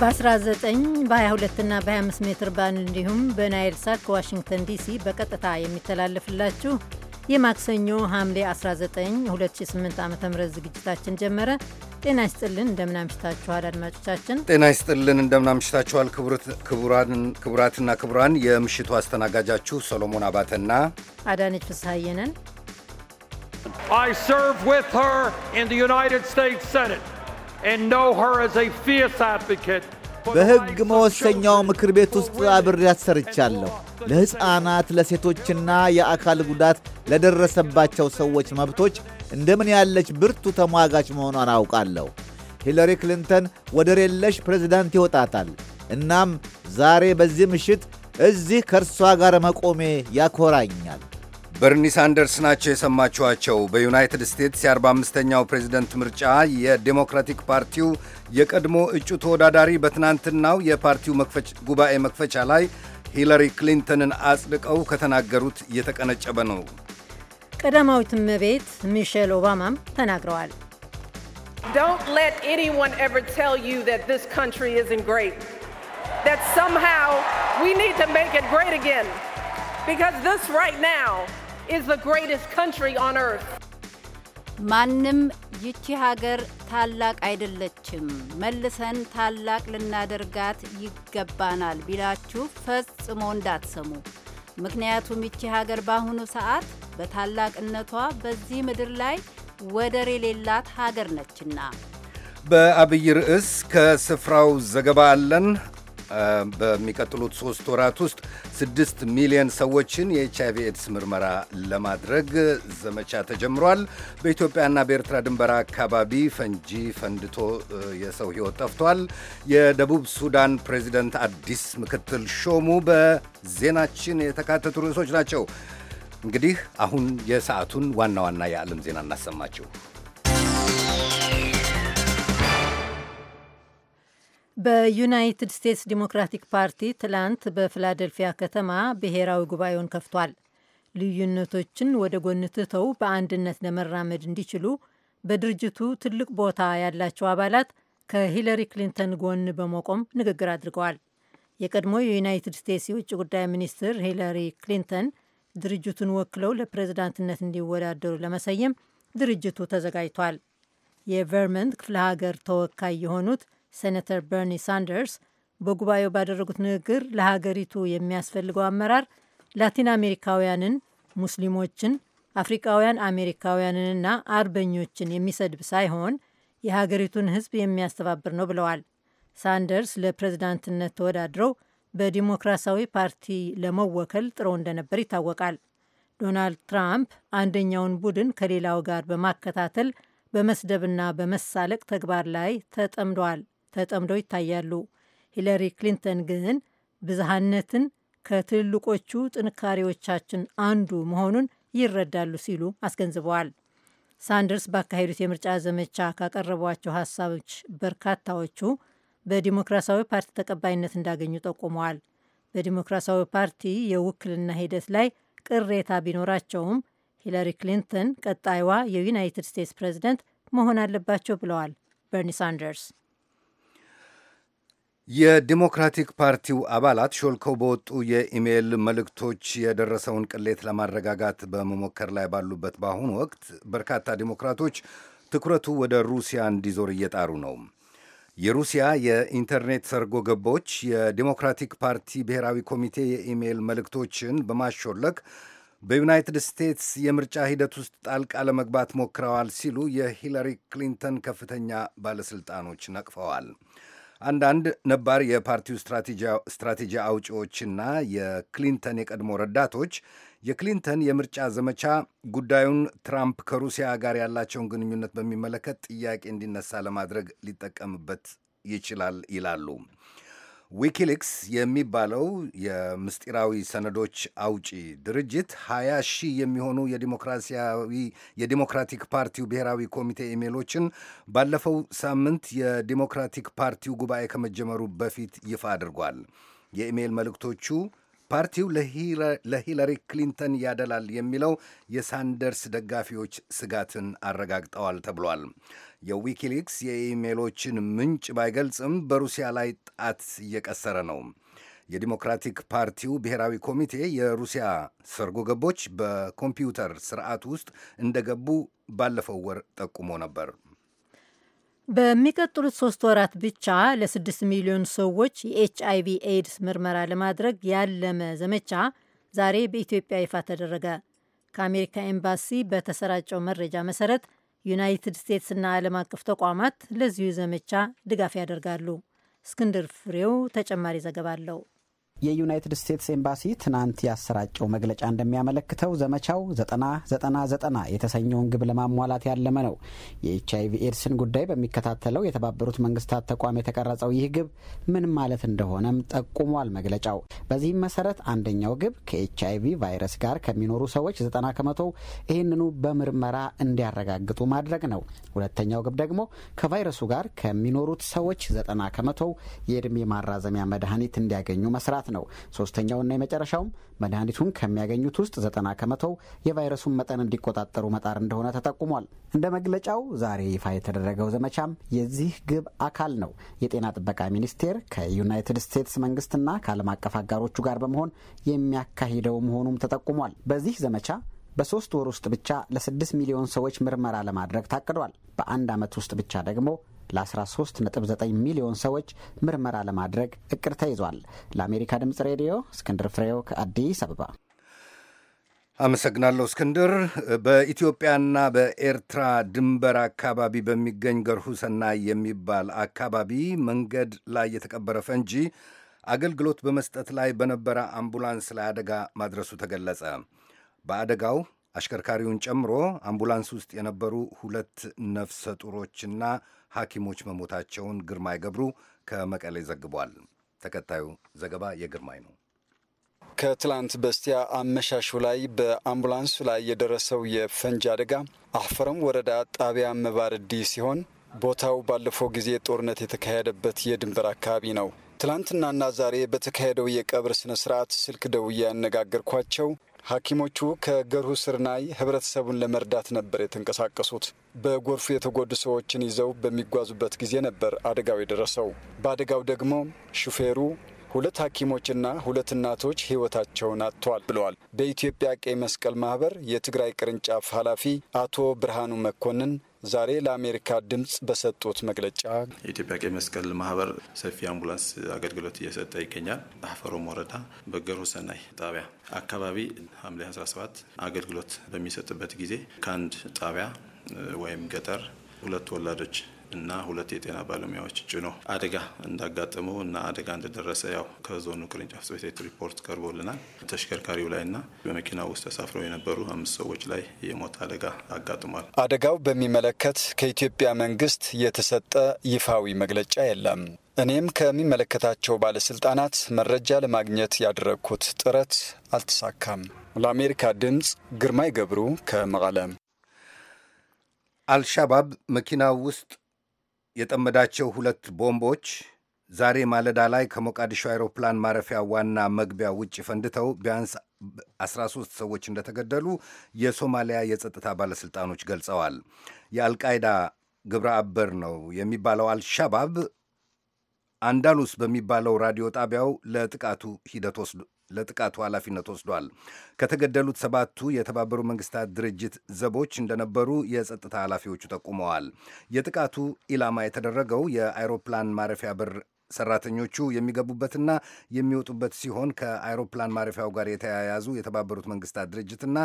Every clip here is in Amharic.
በ19 በ22ና በ25 ሜትር ባንድ እንዲሁም በናይል ሳት ከዋሽንግተን ዲሲ በቀጥታ የሚተላለፍላችሁ የማክሰኞ ሐምሌ 19 2008 ዓ ም ዝግጅታችን ጀመረ። ጤና ይስጥልን እንደምናምሽታችኋል አድማጮቻችን። ጤና ይስጥልን እንደምናምሽታችኋል ክቡራትና ክቡራን። የምሽቱ አስተናጋጃችሁ ሰሎሞን አባተና አዳነች ፍስሐዬ ነን። I serve with her in the United States Senate and know her as a fierce advocate በሕግ መወሰኛው ምክር ቤት ውስጥ አብሬያት ሰርቻለሁ። ለሕፃናት ለሴቶችና የአካል ጉዳት ለደረሰባቸው ሰዎች መብቶች እንደምን ያለች ብርቱ ተሟጋች መሆኗን አውቃለሁ። ሂለሪ ክሊንተን ወደር የለሽ ፕሬዝዳንት ይወጣታል። እናም ዛሬ በዚህ ምሽት እዚህ ከእርሷ ጋር መቆሜ ያኮራኛል። በርኒ ሳንደርስ ናቸው የሰማችኋቸው። በዩናይትድ ስቴትስ የ45ኛው ፕሬዚደንት ምርጫ የዴሞክራቲክ ፓርቲው የቀድሞ እጩ ተወዳዳሪ በትናንትናው የፓርቲው ጉባኤ መክፈቻ ላይ ሂለሪ ክሊንተንን አጽድቀው ከተናገሩት እየተቀነጨበ ነው። ቀዳማዊት እመቤት ሚሼል ኦባማም ተናግረዋል። Don't let anyone ever tell you that this country isn't great. That somehow we need to make it great again. Because this right now is the greatest country on earth. ማንም ይቺ ሀገር ታላቅ አይደለችም፣ መልሰን ታላቅ ልናደርጋት ይገባናል ቢላችሁ ፈጽሞ እንዳትሰሙ። ምክንያቱም ይቺ ሀገር በአሁኑ ሰዓት በታላቅነቷ በዚህ ምድር ላይ ወደር የሌላት ሀገር ነችና። በአብይ ርዕስ ከስፍራው ዘገባ አለን። በሚቀጥሉት ሶስት ወራት ውስጥ ስድስት ሚሊዮን ሰዎችን የኤች አይቪ ኤድስ ምርመራ ለማድረግ ዘመቻ ተጀምሯል። በኢትዮጵያና በኤርትራ ድንበር አካባቢ ፈንጂ ፈንድቶ የሰው ሕይወት ጠፍቷል። የደቡብ ሱዳን ፕሬዚደንት አዲስ ምክትል ሾሙ። በዜናችን የተካተቱ ርዕሶች ናቸው። እንግዲህ አሁን የሰዓቱን ዋና ዋና የዓለም ዜና እናሰማችሁ። በዩናይትድ ስቴትስ ዲሞክራቲክ ፓርቲ ትላንት በፊላደልፊያ ከተማ ብሔራዊ ጉባኤውን ከፍቷል። ልዩነቶችን ወደ ጎን ትተው በአንድነት ለመራመድ እንዲችሉ በድርጅቱ ትልቅ ቦታ ያላቸው አባላት ከሂለሪ ክሊንተን ጎን በመቆም ንግግር አድርገዋል። የቀድሞ የዩናይትድ ስቴትስ የውጭ ጉዳይ ሚኒስትር ሂለሪ ክሊንተን ድርጅቱን ወክለው ለፕሬዝዳንትነት እንዲወዳደሩ ለመሰየም ድርጅቱ ተዘጋጅቷል። የቨርመንት ክፍለ ሀገር ተወካይ የሆኑት ሴኔተር በርኒ ሳንደርስ በጉባኤው ባደረጉት ንግግር ለሀገሪቱ የሚያስፈልገው አመራር ላቲን አሜሪካውያንን፣ ሙስሊሞችን፣ አፍሪካውያን አሜሪካውያንንና አርበኞችን የሚሰድብ ሳይሆን የሀገሪቱን ሕዝብ የሚያስተባብር ነው ብለዋል። ሳንደርስ ለፕሬዝዳንትነት ተወዳድረው በዲሞክራሲያዊ ፓርቲ ለመወከል ጥረው እንደነበር ይታወቃል። ዶናልድ ትራምፕ አንደኛውን ቡድን ከሌላው ጋር በማከታተል በመስደብና በመሳለቅ ተግባር ላይ ተጠምደዋል ተጠምደው ይታያሉ። ሂለሪ ክሊንተን ግን ብዝሃነትን ከትልልቆቹ ጥንካሬዎቻችን አንዱ መሆኑን ይረዳሉ ሲሉ አስገንዝበዋል። ሳንደርስ ባካሄዱት የምርጫ ዘመቻ ካቀረቧቸው ሀሳቦች በርካታዎቹ በዲሞክራሲያዊ ፓርቲ ተቀባይነት እንዳገኙ ጠቁመዋል። በዲሞክራሲያዊ ፓርቲ የውክልና ሂደት ላይ ቅሬታ ቢኖራቸውም ሂላሪ ክሊንተን ቀጣይዋ የዩናይትድ ስቴትስ ፕሬዝደንት መሆን አለባቸው ብለዋል በርኒ ሳንደርስ። የዲሞክራቲክ ፓርቲው አባላት ሾልከው በወጡ የኢሜይል መልእክቶች የደረሰውን ቅሌት ለማረጋጋት በመሞከር ላይ ባሉበት በአሁኑ ወቅት በርካታ ዲሞክራቶች ትኩረቱ ወደ ሩሲያ እንዲዞር እየጣሩ ነው። የሩሲያ የኢንተርኔት ሰርጎ ገቦች የዲሞክራቲክ ፓርቲ ብሔራዊ ኮሚቴ የኢሜይል መልእክቶችን በማሾለክ በዩናይትድ ስቴትስ የምርጫ ሂደት ውስጥ ጣልቃ ለመግባት ሞክረዋል ሲሉ የሂለሪ ክሊንተን ከፍተኛ ባለሥልጣኖች ነቅፈዋል። አንዳንድ ነባር የፓርቲው ስትራቴጂ አውጪዎችና የክሊንተን የቀድሞ ረዳቶች የክሊንተን የምርጫ ዘመቻ ጉዳዩን ትራምፕ ከሩሲያ ጋር ያላቸውን ግንኙነት በሚመለከት ጥያቄ እንዲነሳ ለማድረግ ሊጠቀምበት ይችላል ይላሉ። ዊኪሊክስ የሚባለው የምስጢራዊ ሰነዶች አውጪ ድርጅት ሀያ ሺህ የሚሆኑ የዲሞክራሲያዊ የዲሞክራቲክ ፓርቲው ብሔራዊ ኮሚቴ ኢሜሎችን ባለፈው ሳምንት የዲሞክራቲክ ፓርቲው ጉባኤ ከመጀመሩ በፊት ይፋ አድርጓል። የኢሜል መልእክቶቹ ፓርቲው ለሂለሪ ክሊንተን ያደላል የሚለው የሳንደርስ ደጋፊዎች ስጋትን አረጋግጠዋል ተብሏል። የዊኪሊክስ የኢሜሎችን ምንጭ ባይገልጽም በሩሲያ ላይ ጣት እየቀሰረ ነው። የዲሞክራቲክ ፓርቲው ብሔራዊ ኮሚቴ የሩሲያ ሰርጎ ገቦች በኮምፒውተር ስርዓት ውስጥ እንደገቡ ባለፈው ወር ጠቁሞ ነበር። በሚቀጥሉት ሶስት ወራት ብቻ ለስድስት ሚሊዮን ሰዎች የኤች አይ ቪ ኤድስ ምርመራ ለማድረግ ያለመ ዘመቻ ዛሬ በኢትዮጵያ ይፋ ተደረገ። ከአሜሪካ ኤምባሲ በተሰራጨው መረጃ መሰረት ዩናይትድ ስቴትስና ዓለም አቀፍ ተቋማት ለዚሁ ዘመቻ ድጋፍ ያደርጋሉ። እስክንድር ፍሬው ተጨማሪ ዘገባ አለው። የዩናይትድ ስቴትስ ኤምባሲ ትናንት ያሰራጨው መግለጫ እንደሚያመለክተው ዘመቻው ዘጠና ዘጠና ዘጠና የተሰኘውን ግብ ለማሟላት ያለመ ነው። የኤች አይቪ ኤድስን ጉዳይ በሚከታተለው የተባበሩት መንግስታት ተቋም የተቀረጸው ይህ ግብ ምን ማለት እንደሆነም ጠቁሟል መግለጫው። በዚህም መሰረት አንደኛው ግብ ከኤች አይቪ ቫይረስ ጋር ከሚኖሩ ሰዎች ዘጠና ከመቶ ይህንኑ በምርመራ እንዲያረጋግጡ ማድረግ ነው። ሁለተኛው ግብ ደግሞ ከቫይረሱ ጋር ከሚኖሩት ሰዎች ዘጠና ከመቶ የእድሜ ማራዘሚያ መድኃኒት እንዲያገኙ መስራት መጥፋት ነው። ሶስተኛውና የመጨረሻውም መድኃኒቱን ከሚያገኙት ውስጥ ዘጠና ከመቶው የቫይረሱን መጠን እንዲቆጣጠሩ መጣር እንደሆነ ተጠቁሟል። እንደ መግለጫው ዛሬ ይፋ የተደረገው ዘመቻም የዚህ ግብ አካል ነው። የጤና ጥበቃ ሚኒስቴር ከዩናይትድ ስቴትስ መንግስትና ከዓለም አቀፍ አጋሮቹ ጋር በመሆን የሚያካሂደው መሆኑም ተጠቁሟል። በዚህ ዘመቻ በሶስት ወር ውስጥ ብቻ ለስድስት ሚሊዮን ሰዎች ምርመራ ለማድረግ ታቅዷል። በአንድ ዓመት ውስጥ ብቻ ደግሞ ለ13.9 ሚሊዮን ሰዎች ምርመራ ለማድረግ እቅድ ተይዟል። ለአሜሪካ ድምፅ ሬዲዮ እስክንድር ፍሬው ከአዲስ አበባ አመሰግናለሁ እስክንድር። በኢትዮጵያና በኤርትራ ድንበር አካባቢ በሚገኝ ገርሁሰና የሚባል አካባቢ መንገድ ላይ የተቀበረ ፈንጂ አገልግሎት በመስጠት ላይ በነበረ አምቡላንስ ላይ አደጋ ማድረሱ ተገለጸ። በአደጋው አሽከርካሪውን ጨምሮ አምቡላንስ ውስጥ የነበሩ ሁለት ነፍሰ ጡሮችና ሐኪሞች መሞታቸውን ግርማይ ገብሩ ከመቀሌ ዘግቧል። ተከታዩ ዘገባ የግርማይ ነው። ከትላንት በስቲያ አመሻሹ ላይ በአምቡላንሱ ላይ የደረሰው የፈንጅ አደጋ አፈረም ወረዳ ጣቢያ መባርዲ ሲሆን ቦታው ባለፈው ጊዜ ጦርነት የተካሄደበት የድንበር አካባቢ ነው። ትላንትናና ዛሬ በተካሄደው የቀብር ስነ ስርዓት ስልክ ደውዬ ያነጋገርኳቸው ሐኪሞቹ ከገርሁ ስር ናይ ህብረተሰቡን ለመርዳት ነበር የተንቀሳቀሱት። በጎርፉ የተጎዱ ሰዎችን ይዘው በሚጓዙበት ጊዜ ነበር አደጋው የደረሰው። በአደጋው ደግሞ ሹፌሩ ሁለት ሐኪሞችና ሁለት እናቶች ህይወታቸውን አጥተዋል ብለዋል በኢትዮጵያ ቀይ መስቀል ማህበር የትግራይ ቅርንጫፍ ኃላፊ አቶ ብርሃኑ መኮንን ዛሬ ለአሜሪካ ድምፅ በሰጡት መግለጫ የኢትዮጵያ ቀይ መስቀል ማህበር ሰፊ አምቡላንስ አገልግሎት እየሰጠ ይገኛል። ሀፈሮም ወረዳ በገር ሰናይ ጣቢያ አካባቢ ሐምሌ 17 አገልግሎት በሚሰጥበት ጊዜ ከአንድ ጣቢያ ወይም ገጠር ሁለት ወላዶች እና ሁለት የጤና ባለሙያዎች ጭኖ አደጋ እንዳጋጠመው እና አደጋ እንደደረሰ ያው ከዞኑ ቅርንጫፍ ጽሕፈት ቤት ሪፖርት ቀርቦልናል። ተሽከርካሪው ላይ እና በመኪና ውስጥ ተሳፍረው የነበሩ አምስት ሰዎች ላይ የሞት አደጋ አጋጥሟል። አደጋው በሚመለከት ከኢትዮጵያ መንግስት የተሰጠ ይፋዊ መግለጫ የለም። እኔም ከሚመለከታቸው ባለስልጣናት መረጃ ለማግኘት ያደረግኩት ጥረት አልተሳካም። ለአሜሪካ ድምፅ ግርማይ ገብሩ ከመቐለ። አልሻባብ መኪና ውስጥ የጠመዳቸው ሁለት ቦምቦች ዛሬ ማለዳ ላይ ከሞቃዲሾ አውሮፕላን ማረፊያ ዋና መግቢያ ውጭ ፈንድተው ቢያንስ 13 ሰዎች እንደተገደሉ የሶማሊያ የጸጥታ ባለሥልጣኖች ገልጸዋል። የአልቃይዳ ግብረ አበር ነው የሚባለው አልሻባብ አንዳሉስ በሚባለው ራዲዮ ጣቢያው ለጥቃቱ ሂደት ለጥቃቱ ኃላፊነት ወስዷል። ከተገደሉት ሰባቱ የተባበሩ መንግስታት ድርጅት ዘቦች እንደነበሩ የጸጥታ ኃላፊዎቹ ጠቁመዋል። የጥቃቱ ኢላማ የተደረገው የአይሮፕላን ማረፊያ በር ሰራተኞቹ የሚገቡበትና የሚወጡበት ሲሆን ከአይሮፕላን ማረፊያው ጋር የተያያዙ የተባበሩት መንግስታት ድርጅትና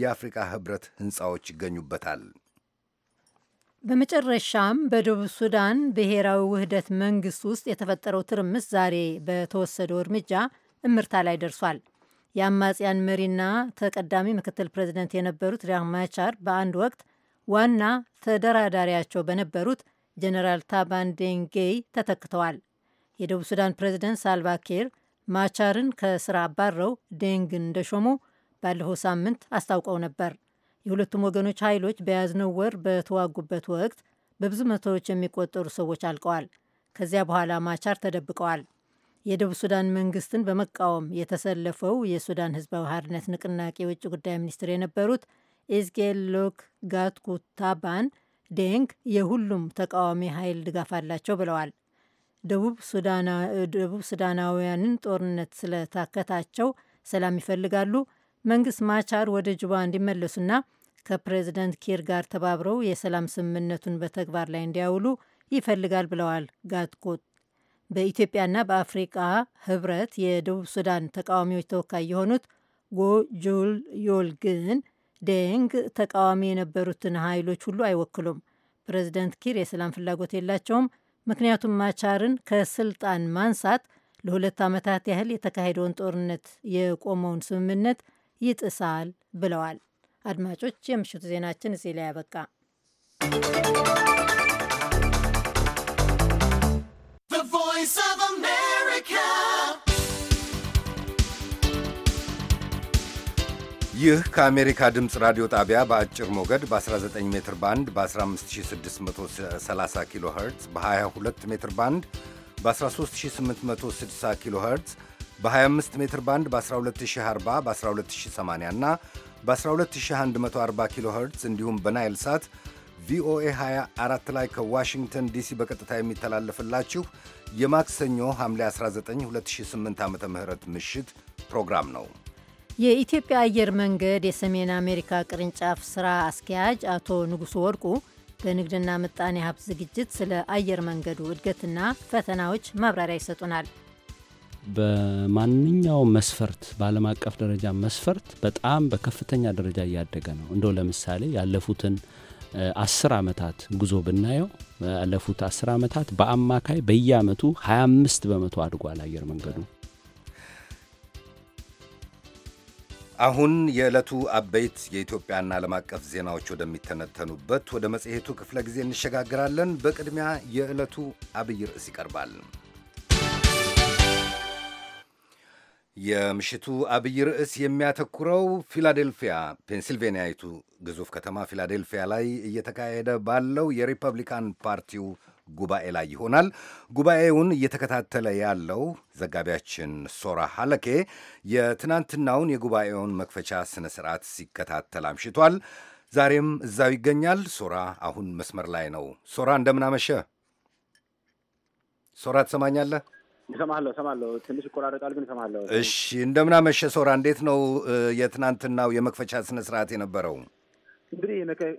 የአፍሪካ ህብረት ህንፃዎች ይገኙበታል። በመጨረሻም በደቡብ ሱዳን ብሔራዊ ውህደት መንግስት ውስጥ የተፈጠረው ትርምስ ዛሬ በተወሰደው እርምጃ እምርታ ላይ ደርሷል። የአማጽያን መሪና ተቀዳሚ ምክትል ፕሬዚደንት የነበሩት ሪያክ ማቻር በአንድ ወቅት ዋና ተደራዳሪያቸው በነበሩት ጀነራል ታባን ዴንጌይ ተተክተዋል። የደቡብ ሱዳን ፕሬዚደንት ሳልቫኪር ማቻርን ከስራ አባረው ዴንግን እንደሾሙ ባለፈው ሳምንት አስታውቀው ነበር። የሁለቱም ወገኖች ኃይሎች በያዝነው ወር በተዋጉበት ወቅት በብዙ መቶዎች የሚቆጠሩ ሰዎች አልቀዋል። ከዚያ በኋላ ማቻር ተደብቀዋል። የደቡብ ሱዳን መንግስትን በመቃወም የተሰለፈው የሱዳን ህዝባዊ ሀርነት ንቅናቄ የውጭ ጉዳይ ሚኒስትር የነበሩት ኢዝጌል ሎክ ጋትኩ ታባን ዴንግ የሁሉም ተቃዋሚ ኃይል ድጋፍ አላቸው ብለዋል። ደቡብ ሱዳናውያንን ጦርነት ስለታከታቸው ሰላም ይፈልጋሉ። መንግስት ማቻር ወደ ጁባ እንዲመለሱና ከፕሬዚደንት ኪር ጋር ተባብረው የሰላም ስምምነቱን በተግባር ላይ እንዲያውሉ ይፈልጋል ብለዋል ጋትኩ በኢትዮጵያና በአፍሪቃ ህብረት የደቡብ ሱዳን ተቃዋሚዎች ተወካይ የሆኑት ጎጆል ዮል ግን ደንግ ተቃዋሚ የነበሩትን ኃይሎች ሁሉ አይወክሉም፣ ፕሬዚደንት ኪር የሰላም ፍላጎት የላቸውም፣ ምክንያቱም ማቻርን ከስልጣን ማንሳት ለሁለት ዓመታት ያህል የተካሄደውን ጦርነት የቆመውን ስምምነት ይጥሳል ብለዋል። አድማጮች፣ የምሽቱ ዜናችን እዚህ ላይ ያበቃ። Voice of America. ይህ ከአሜሪካ ድምፅ ራዲዮ ጣቢያ በአጭር ሞገድ በ19 ሜትር ባንድ በ15630 ኪሎ ኸርትዝ በ22 ሜትር ባንድ በ13860 ኪሎ ኸርትዝ በ25 ሜትር ባንድ በ12040 በ12080 እና በ12140 ኪሎ ኸርትዝ እንዲሁም በናይል ሳት ቪኦኤ 24 ላይ ከዋሽንግተን ዲሲ በቀጥታ የሚተላለፍላችሁ የማክሰኞ ሐምሌ 19 2008 ዓ ም ምሽት ፕሮግራም ነው። የኢትዮጵያ አየር መንገድ የሰሜን አሜሪካ ቅርንጫፍ ስራ አስኪያጅ አቶ ንጉሱ ወርቁ በንግድና ምጣኔ ሀብት ዝግጅት ስለ አየር መንገዱ እድገትና ፈተናዎች ማብራሪያ ይሰጡናል። በማንኛውም መስፈርት በዓለም አቀፍ ደረጃ መስፈርት በጣም በከፍተኛ ደረጃ እያደገ ነው። እንደው ለምሳሌ ያለፉትን አስር ዓመታት ጉዞ ብናየው ያለፉት አስር ዓመታት በአማካይ በየአመቱ 25 በመቶ አድጓል አየር መንገዱ። አሁን የዕለቱ አበይት የኢትዮጵያና ዓለም አቀፍ ዜናዎች ወደሚተነተኑበት ወደ መጽሔቱ ክፍለ ጊዜ እንሸጋግራለን። በቅድሚያ የዕለቱ አብይ ርዕስ ይቀርባል። የምሽቱ አብይ ርዕስ የሚያተኩረው ፊላዴልፊያ ፔንሲልቬንያዊቱ ግዙፍ ከተማ ፊላዴልፊያ ላይ እየተካሄደ ባለው የሪፐብሊካን ፓርቲው ጉባኤ ላይ ይሆናል። ጉባኤውን እየተከታተለ ያለው ዘጋቢያችን ሶራ ሀለኬ የትናንትናውን የጉባኤውን መክፈቻ ስነ ስርዓት ሲከታተል አምሽቷል። ዛሬም እዛው ይገኛል። ሶራ አሁን መስመር ላይ ነው። ሶራ እንደምናመሸ ሶራ ትሰማኛለህ? እሰማለሁ እሰማለሁ። ትንሽ ይቆራረጣል ግን እሰማለሁ። እሺ፣ እንደምናመሸ ሶራ፣ እንዴት ነው የትናንትናው የመክፈቻ ስነ ስርዓት የነበረው? እንግዲህ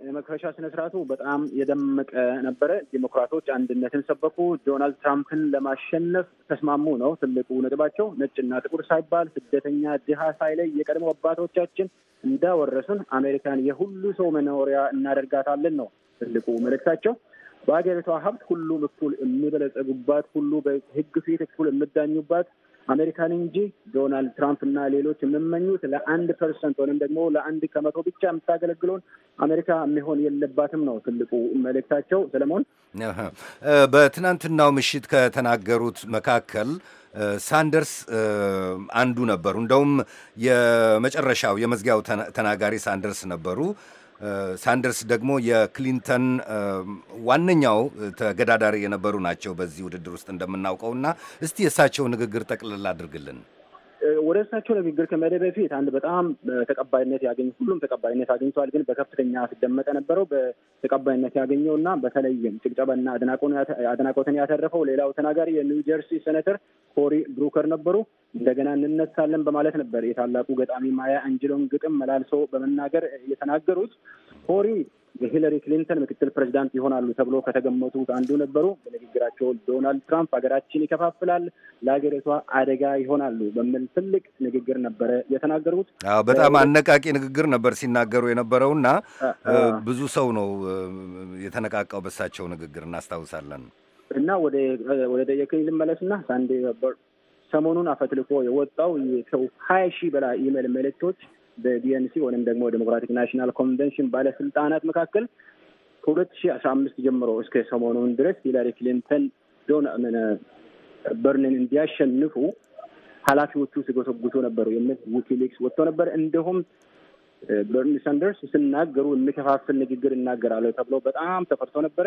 የመክፈቻ ስነ ስርዓቱ በጣም የደመቀ ነበረ። ዲሞክራቶች አንድነትን ሰበኩ፣ ዶናልድ ትራምፕን ለማሸነፍ ተስማሙ ነው ትልቁ ነጥባቸው። ነጭና ጥቁር ሳይባል ስደተኛ፣ ድሃ ሳይለይ የቀድሞ አባቶቻችን እንዳወረሱን አሜሪካን የሁሉ ሰው መኖሪያ እናደርጋታለን ነው ትልቁ መልእክታቸው። በሀገሪቷ ሀብት ሁሉም እኩል የሚበለጸጉባት፣ ሁሉ በህግ ፊት እኩል የሚዳኙባት አሜሪካን እንጂ ዶናልድ ትራምፕ እና ሌሎች የምመኙት ለአንድ ፐርሰንት ወይም ደግሞ ለአንድ ከመቶ ብቻ የምታገለግለውን አሜሪካ የሚሆን የለባትም ነው ትልቁ መልእክታቸው። ሰለሞን በትናንትናው ምሽት ከተናገሩት መካከል ሳንደርስ አንዱ ነበሩ። እንደውም የመጨረሻው የመዝጊያው ተናጋሪ ሳንደርስ ነበሩ። ሳንደርስ ደግሞ የክሊንተን ዋነኛው ተገዳዳሪ የነበሩ ናቸው በዚህ ውድድር ውስጥ እንደምናውቀው እና እስቲ የእሳቸው ንግግር ጠቅልል አድርግልን። ወደ እሳቸው ንግግር ከመሄደ በፊት አንድ በጣም ተቀባይነት ያገኝ ሁሉም ተቀባይነት አግኝተዋል፣ ግን በከፍተኛ ሲደመጠ ነበረው በተቀባይነት ያገኘው እና በተለይም ጭብጨባና አድናቆትን ያተረፈው ሌላው ተናጋሪ የኒው ጀርሲ ሴኔተር ኮሪ ብሩከር ነበሩ። እንደገና እንነሳለን በማለት ነበር የታላቁ ገጣሚ ማያ አንጅሎን ግጥም መላልሰው በመናገር የተናገሩት ኮሪ የሂለሪ ክሊንተን ምክትል ፕሬዚዳንት ይሆናሉ ተብሎ ከተገመቱት አንዱ ነበሩ። በንግግራቸው ዶናልድ ትራምፕ ሀገራችን ይከፋፍላል፣ ለሀገሪቷ አደጋ ይሆናሉ በሚል ትልቅ ንግግር ነበረ የተናገሩት። በጣም አነቃቂ ንግግር ነበር ሲናገሩ የነበረው እና ብዙ ሰው ነው የተነቃቃው በሳቸው ንግግር እናስታውሳለን። እና ወደ ደየክኝ ልመለስና ሳንዴ ሰሞኑን አፈትልኮ የወጣው ሀያ ሺህ በላይ ኢሜል መልእክቶች በዲኤንሲ ወይም ደግሞ ዴሞክራቲክ ናሽናል ኮንቨንሽን ባለስልጣናት መካከል ከሁለት ሺ አስራ አምስት ጀምሮ እስከ ሰሞኑን ድረስ ሂላሪ ክሊንተን ዶን በርንን እንዲያሸንፉ ኃላፊዎቹ ሲጎሰጉሱ ነበሩ የሚል ዊኪሊክስ ወጥቶ ነበር። እንዲሁም በርኒ ሳንደርስ ስናገሩ የሚከፋፍል ንግግር እናገራለሁ ተብሎ በጣም ተፈርቶ ነበረ።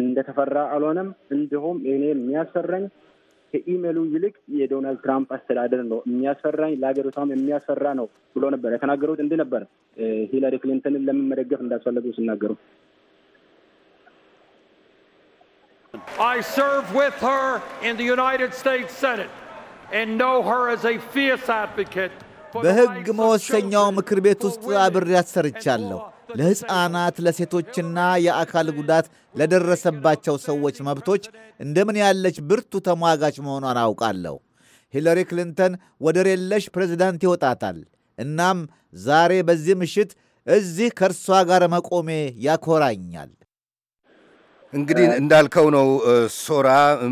እንደተፈራ አልሆነም። እንዲሁም እኔ የሚያሰረኝ ከኢሜሉ ይልቅ የዶናልድ ትራምፕ አስተዳደር ነው የሚያስፈራኝ፣ ለሀገሪቷም የሚያስፈራ ነው ብሎ ነበር የተናገሩት። እንዲህ ነበር ሂለሪ ክሊንተንን ለምን መደገፍ እንዳስፈለጉ ሲናገሩ I served with her in the United States Senate and know her as a fierce advocate በሕግ መወሰኛው ምክር ቤት ውስጥ አብሬያት ሰርቻለሁ። ለሕፃናት፣ ለሴቶችና የአካል ጉዳት ለደረሰባቸው ሰዎች መብቶች እንደምን ያለች ብርቱ ተሟጋች መሆኗን አውቃለሁ። ሂለሪ ክሊንተን ወደር የለሽ ፕሬዚዳንት ይወጣታል። እናም ዛሬ በዚህ ምሽት እዚህ ከእርሷ ጋር መቆሜ ያኮራኛል። እንግዲህ እንዳልከው ነው ሶራ፣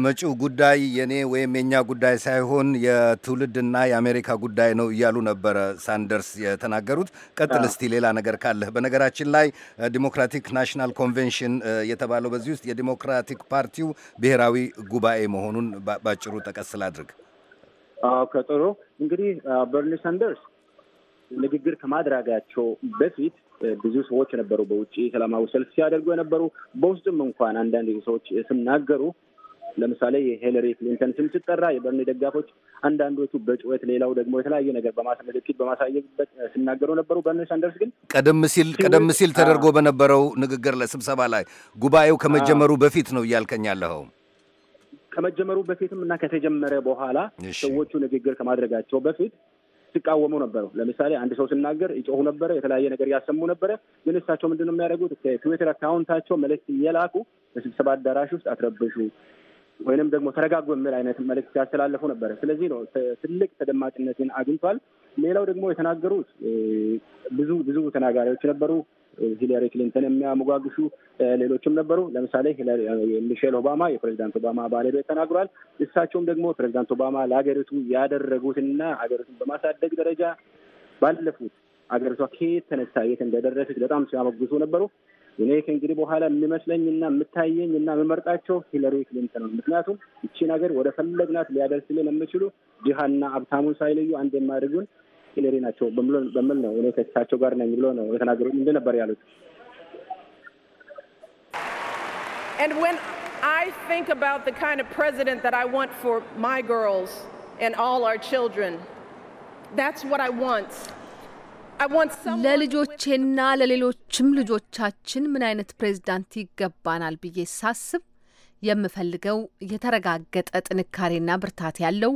መጪው ጉዳይ የኔ ወይም የኛ ጉዳይ ሳይሆን የትውልድና የአሜሪካ ጉዳይ ነው እያሉ ነበረ ሳንደርስ የተናገሩት። ቀጥል እስቲ ሌላ ነገር ካለህ። በነገራችን ላይ ዲሞክራቲክ ናሽናል ኮንቬንሽን የተባለው በዚህ ውስጥ የዲሞክራቲክ ፓርቲው ብሔራዊ ጉባኤ መሆኑን ባጭሩ ጠቀስ ላድርግ። ከጥሩ እንግዲህ በርኒ ሳንደርስ ንግግር ከማድረጋቸው በፊት ብዙ ሰዎች ነበሩ በውጭ ሰላማዊ ሰልፍ ሲያደርጉ የነበሩ። በውስጥም እንኳን አንዳንድ ሰዎች ስናገሩ ለምሳሌ የሂለሪ ክሊንተን ስም ሲጠራ የበርኒ ደጋፎች አንዳንዶቹ በጩኸት ሌላው ደግሞ የተለያየ ነገር በማስመለክት በማሳየበት ሲናገሩ ነበሩ። በርኒ ሳንደርስ ግን ቀደም ሲል ቀደም ሲል ተደርጎ በነበረው ንግግር ለስብሰባ ላይ ጉባኤው ከመጀመሩ በፊት ነው እያልከኝ ያለኸው? ከመጀመሩ በፊትም እና ከተጀመረ በኋላ ሰዎቹ ንግግር ከማድረጋቸው በፊት ሲቃወሙ ነበሩ። ለምሳሌ አንድ ሰው ሲናገር ይጮሁ ነበረ፣ የተለያየ ነገር እያሰሙ ነበረ። ግን እሳቸው ምንድን ነው የሚያደርጉት? ከትዊተር አካውንታቸው መልእክት እየላኩ በስብሰባ አዳራሽ ውስጥ አትረብሹ ወይንም ደግሞ ተረጋጉ የሚል አይነት መልእክት ሲያስተላለፉ ነበረ። ስለዚህ ነው ትልቅ ተደማጭነትን አግኝቷል። ሌላው ደግሞ የተናገሩት ብዙ ብዙ ተናጋሪዎች ነበሩ። ሂለሪ ክሊንተን የሚያሞጋግሹ ሌሎችም ነበሩ። ለምሳሌ ሚሼል ኦባማ የፕሬዚዳንት ኦባማ ባለቤት ተናግሯል። እሳቸውም ደግሞ ፕሬዚዳንት ኦባማ ለሀገሪቱ ያደረጉትና ሀገሪቱን በማሳደግ ደረጃ ባለፉት ሀገሪቷ ከየት ተነሳ የት እንደደረሰች በጣም ሲያሞግሱ ነበሩ። እኔ ከእንግዲህ በኋላ እና የምታየኝ እና የምመርጣቸው ሂለሪ ክሊንተን ነው። ምክንያቱም ይቺን ሀገር ወደ ፈለግናት ሊያደርስልን የምችሉ ድሃና ሀብታሙን ሳይለዩ አንድ የማያደርጉን አርቲለሪ ናቸው በምል ነው እኔ ከእሳቸው ጋር ነኝ ብሎ ነው የተናገሩ እንደነበር ያሉት። And when I think about the kind of president that I want for my girls and all our children, that's what I want. ለልጆቼና ለሌሎችም ልጆቻችን ምን አይነት ፕሬዝዳንት ይገባናል ብዬ ሳስብ የምፈልገው የተረጋገጠ ጥንካሬና ብርታት ያለው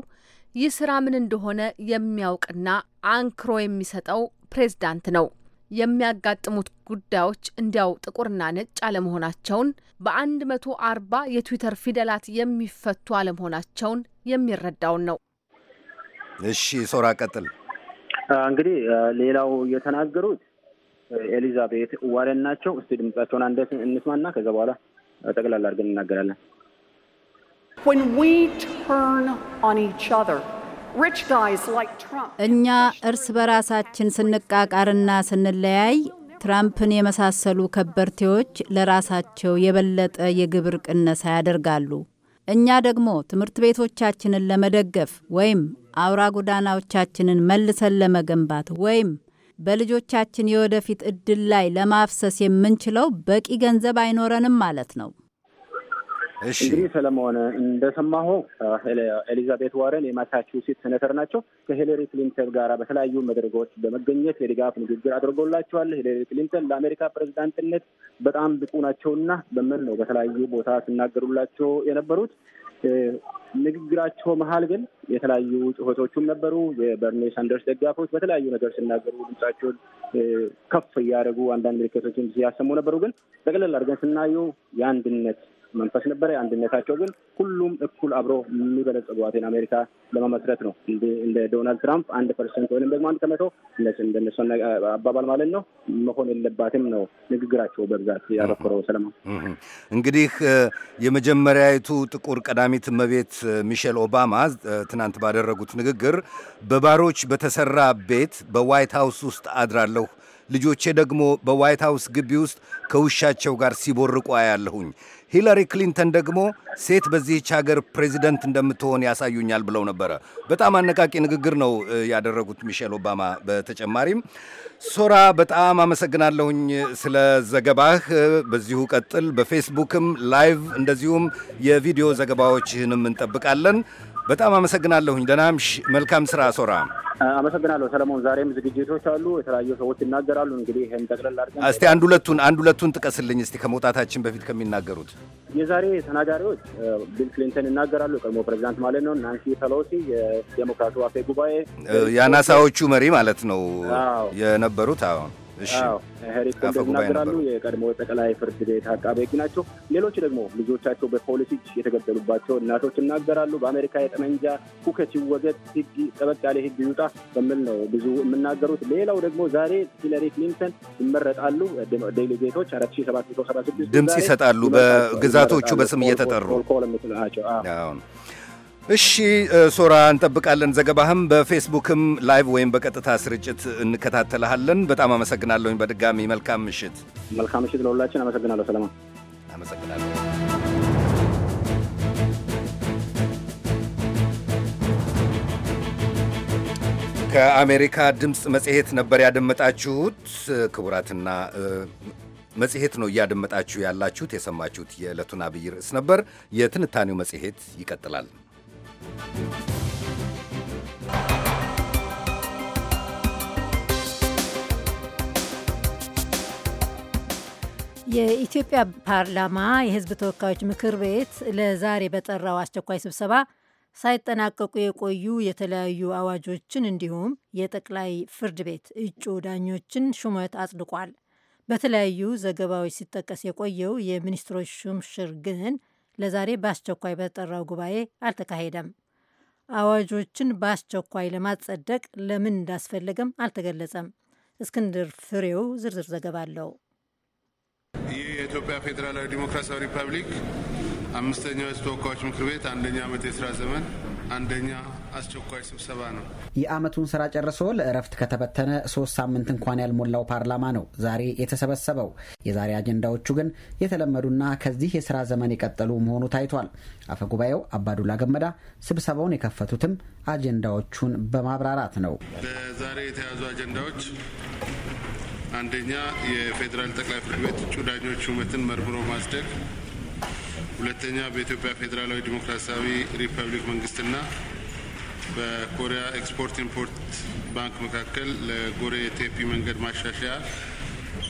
ይህ ስራ ምን እንደሆነ የሚያውቅና አንክሮ የሚሰጠው ፕሬዝዳንት ነው። የሚያጋጥሙት ጉዳዮች እንዲያው ጥቁርና ነጭ አለመሆናቸውን በአንድ መቶ አርባ የትዊተር ፊደላት የሚፈቱ አለመሆናቸውን የሚረዳውን ነው። እሺ ሶራ ቀጥል። እንግዲህ ሌላው የተናገሩት ኤሊዛቤት ዋረን ናቸው። እስቲ ድምጻቸውን አንደት እንስማና ከዛ በኋላ ጠቅላላ አድርገን እናገራለን። እኛ እርስ በራሳችን ስንቃቃርና ስንለያይ ትራምፕን የመሳሰሉ ከበርቴዎች ለራሳቸው የበለጠ የግብር ቅነሳ ያደርጋሉ። እኛ ደግሞ ትምህርት ቤቶቻችንን ለመደገፍ ወይም አውራ ጎዳናዎቻችንን መልሰን ለመገንባት ወይም በልጆቻችን የወደፊት እድል ላይ ለማፍሰስ የምንችለው በቂ ገንዘብ አይኖረንም ማለት ነው። እንግዲህ ሰለሞን እንደሰማሁ ኤሊዛቤት ዋረን የማሳቹሴት ሴኔተር ናቸው። ከሂለሪ ክሊንተን ጋር በተለያዩ መድረጎች በመገኘት የድጋፍ ንግግር አድርጎላቸዋል። ሂለሪ ክሊንተን ለአሜሪካ ፕሬዚዳንትነት በጣም ብቁ ናቸውና በምን ነው በተለያዩ ቦታ ሲናገሩላቸው የነበሩት። ንግግራቸው መሀል ግን የተለያዩ ጩኸቶቹም ነበሩ። የበርኒ ሳንደርስ ደጋፊዎች በተለያዩ ነገር ሲናገሩ ድምጻቸውን ከፍ እያደረጉ አንዳንድ ምልክቶችን ሲያሰሙ ነበሩ። ግን ጠቅለል አድርገን ስናየው የአንድነት መንፈስ ነበረ። አንድነታቸው ግን ሁሉም እኩል አብሮ የሚበለጽጓትን አሜሪካ ለመመስረት ነው። እንደ ዶናልድ ትራምፕ አንድ ፐርሰንት ወይም ደግሞ አንድ ከመቶ እንደነሱ አባባል ማለት ነው መሆን የለባትም ነው ንግግራቸው በብዛት ያረፈረው። ሰለማ እንግዲህ የመጀመሪያዊቱ ጥቁር ቀዳሚት እመቤት ሚሼል ኦባማ ትናንት ባደረጉት ንግግር በባሮች በተሰራ ቤት በዋይት ሀውስ ውስጥ አድራለሁ ልጆቼ ደግሞ በዋይት ሀውስ ግቢ ውስጥ ከውሻቸው ጋር ሲቦርቁ አያለሁኝ። ሂለሪ ክሊንተን ደግሞ ሴት በዚህች ሀገር ፕሬዚደንት እንደምትሆን ያሳዩኛል ብለው ነበረ። በጣም አነቃቂ ንግግር ነው ያደረጉት ሚሼል ኦባማ። በተጨማሪም ሶራ በጣም አመሰግናለሁኝ ስለ ዘገባህ። በዚሁ ቀጥል። በፌስቡክም ላይቭ እንደዚሁም የቪዲዮ ዘገባዎችህንም እንጠብቃለን። በጣም አመሰግናለሁኝ። ደናምሽ መልካም ስራ ሶራ። አመሰግናለሁ ሰለሞን። ዛሬም ዝግጅቶች አሉ፣ የተለያዩ ሰዎች ይናገራሉ። እንግዲህ ይህን ጠቅለል አድርገን እስቲ አንድ ሁለቱን አንድ ሁለቱን ጥቀስልኝ እስቲ ከመውጣታችን በፊት ከሚናገሩት የዛሬ ተናጋሪዎች ቢል ክሊንተን ይናገራሉ፣ የቀድሞ ፕሬዚዳንት ማለት ነው። ናንሲ ፐሎሲ የዴሞክራቱ አፈ ጉባኤ፣ የአናሳዎቹ መሪ ማለት ነው የነበሩት አሁን ሄሬክ እንደተናገራሉ የቀድሞ ጠቅላይ ፍርድ ቤት አቃቤ ሕግ ናቸው። ሌሎች ደግሞ ልጆቻቸው በፖሊስ እጅ የተገደሉባቸው እናቶች ይናገራሉ። በአሜሪካ የጠመንጃ ሁከት ይወገድ፣ ህግ ጠበቅ ያለ ህግ ይውጣ በሚል ነው ብዙ የምናገሩት። ሌላው ደግሞ ዛሬ ሂለሪ ክሊንተን ይመረጣሉ። ዴሊጌቶች አራት ሺህ ሰባት መቶ ሰባ ስድስት ድምፅ ይሰጣሉ። በግዛቶቹ በስም እየተጠሩ እሺ ሶራ እንጠብቃለን። ዘገባህም በፌስቡክም ላይቭ ወይም በቀጥታ ስርጭት እንከታተልሃለን። በጣም አመሰግናለሁኝ። በድጋሚ መልካም ምሽት። መልካም ምሽት ለሁላችን። አመሰግናለሁ ሰለሞን። አመሰግናለሁ። ከአሜሪካ ድምፅ መጽሔት ነበር ያደመጣችሁት። ክቡራትና መጽሔት ነው እያደመጣችሁ ያላችሁት። የሰማችሁት የዕለቱን አብይ ርዕስ ነበር። የትንታኔው መጽሔት ይቀጥላል። የኢትዮጵያ ፓርላማ የሕዝብ ተወካዮች ምክር ቤት ለዛሬ በጠራው አስቸኳይ ስብሰባ ሳይጠናቀቁ የቆዩ የተለያዩ አዋጆችን እንዲሁም የጠቅላይ ፍርድ ቤት እጩ ዳኞችን ሹመት አጽድቋል። በተለያዩ ዘገባዎች ሲጠቀስ የቆየው የሚኒስትሮች ሹምሽር ግን ለዛሬ በአስቸኳይ በተጠራው ጉባኤ አልተካሄደም። አዋጆችን በአስቸኳይ ለማጸደቅ ለምን እንዳስፈለገም አልተገለጸም። እስክንድር ፍሬው ዝርዝር ዘገባ አለው። ይህ የኢትዮጵያ ፌዴራላዊ ዲሞክራሲያዊ ሪፐብሊክ አምስተኛው የሕዝብ ተወካዮች ምክር ቤት አንደኛ ዓመት የስራ ዘመን አንደኛ አስቸኳይ ስብሰባ ነው። የአመቱን ስራ ጨርሶ ለእረፍት ከተበተነ ሶስት ሳምንት እንኳን ያልሞላው ፓርላማ ነው ዛሬ የተሰበሰበው። የዛሬ አጀንዳዎቹ ግን የተለመዱና ከዚህ የስራ ዘመን የቀጠሉ መሆኑ ታይቷል። አፈጉባኤው አባዱላ ገመዳ ስብሰባውን የከፈቱትም አጀንዳዎቹን በማብራራት ነው። በዛሬ የተያዙ አጀንዳዎች አንደኛ የፌዴራል ጠቅላይ ፍርድ ቤት እጩ ዳኞች ሹመትን መርምሮ ማጽደቅ፣ ሁለተኛ በኢትዮጵያ ፌዴራላዊ ዲሞክራሲያዊ ሪፐብሊክ መንግስትና በኮሪያ ኤክስፖርት ኢምፖርት ባንክ መካከል ለጎሬ ቴፒ መንገድ ማሻሻያ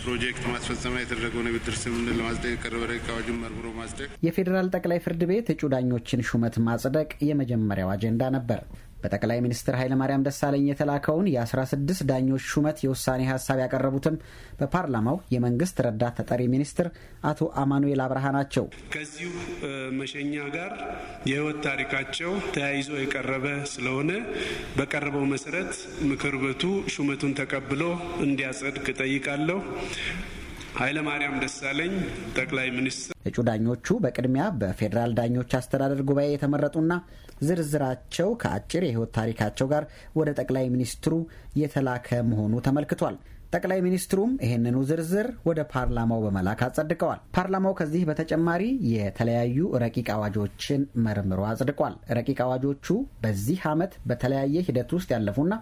ፕሮጀክት ማስፈጸሚያ የተደረገውን የብድር ስምምነት ለማጽደቅ የቀረበ ረቂቅ አዋጅን መርምሮ ማጽደቅ የፌዴራል ጠቅላይ ፍርድ ቤት እጩ ዳኞችን ሹመት ማጽደቅ የመጀመሪያው አጀንዳ ነበር። በጠቅላይ ሚኒስትር ኃይለማርያም ደሳለኝ የተላከውን የ16 ዳኞች ሹመት የውሳኔ ሀሳብ ያቀረቡትም በፓርላማው የመንግስት ረዳት ተጠሪ ሚኒስትር አቶ አማኑኤል አብርሃ ናቸው። ከዚሁ መሸኛ ጋር የህይወት ታሪካቸው ተያይዞ የቀረበ ስለሆነ በቀረበው መሰረት ምክር ቤቱ ሹመቱን ተቀብሎ እንዲያጸድቅ ኃይለ ማርያም ደሳለኝ ጠቅላይ ሚኒስትር። እጩ ዳኞቹ በቅድሚያ በፌዴራል ዳኞች አስተዳደር ጉባኤ የተመረጡና ዝርዝራቸው ከአጭር የህይወት ታሪካቸው ጋር ወደ ጠቅላይ ሚኒስትሩ የተላከ መሆኑ ተመልክቷል። ጠቅላይ ሚኒስትሩም ይህንኑ ዝርዝር ወደ ፓርላማው በመላክ አጸድቀዋል። ፓርላማው ከዚህ በተጨማሪ የተለያዩ ረቂቅ አዋጆችን መርምሮ አጽድቋል። ረቂቅ አዋጆቹ በዚህ ዓመት በተለያየ ሂደት ውስጥ ያለፉና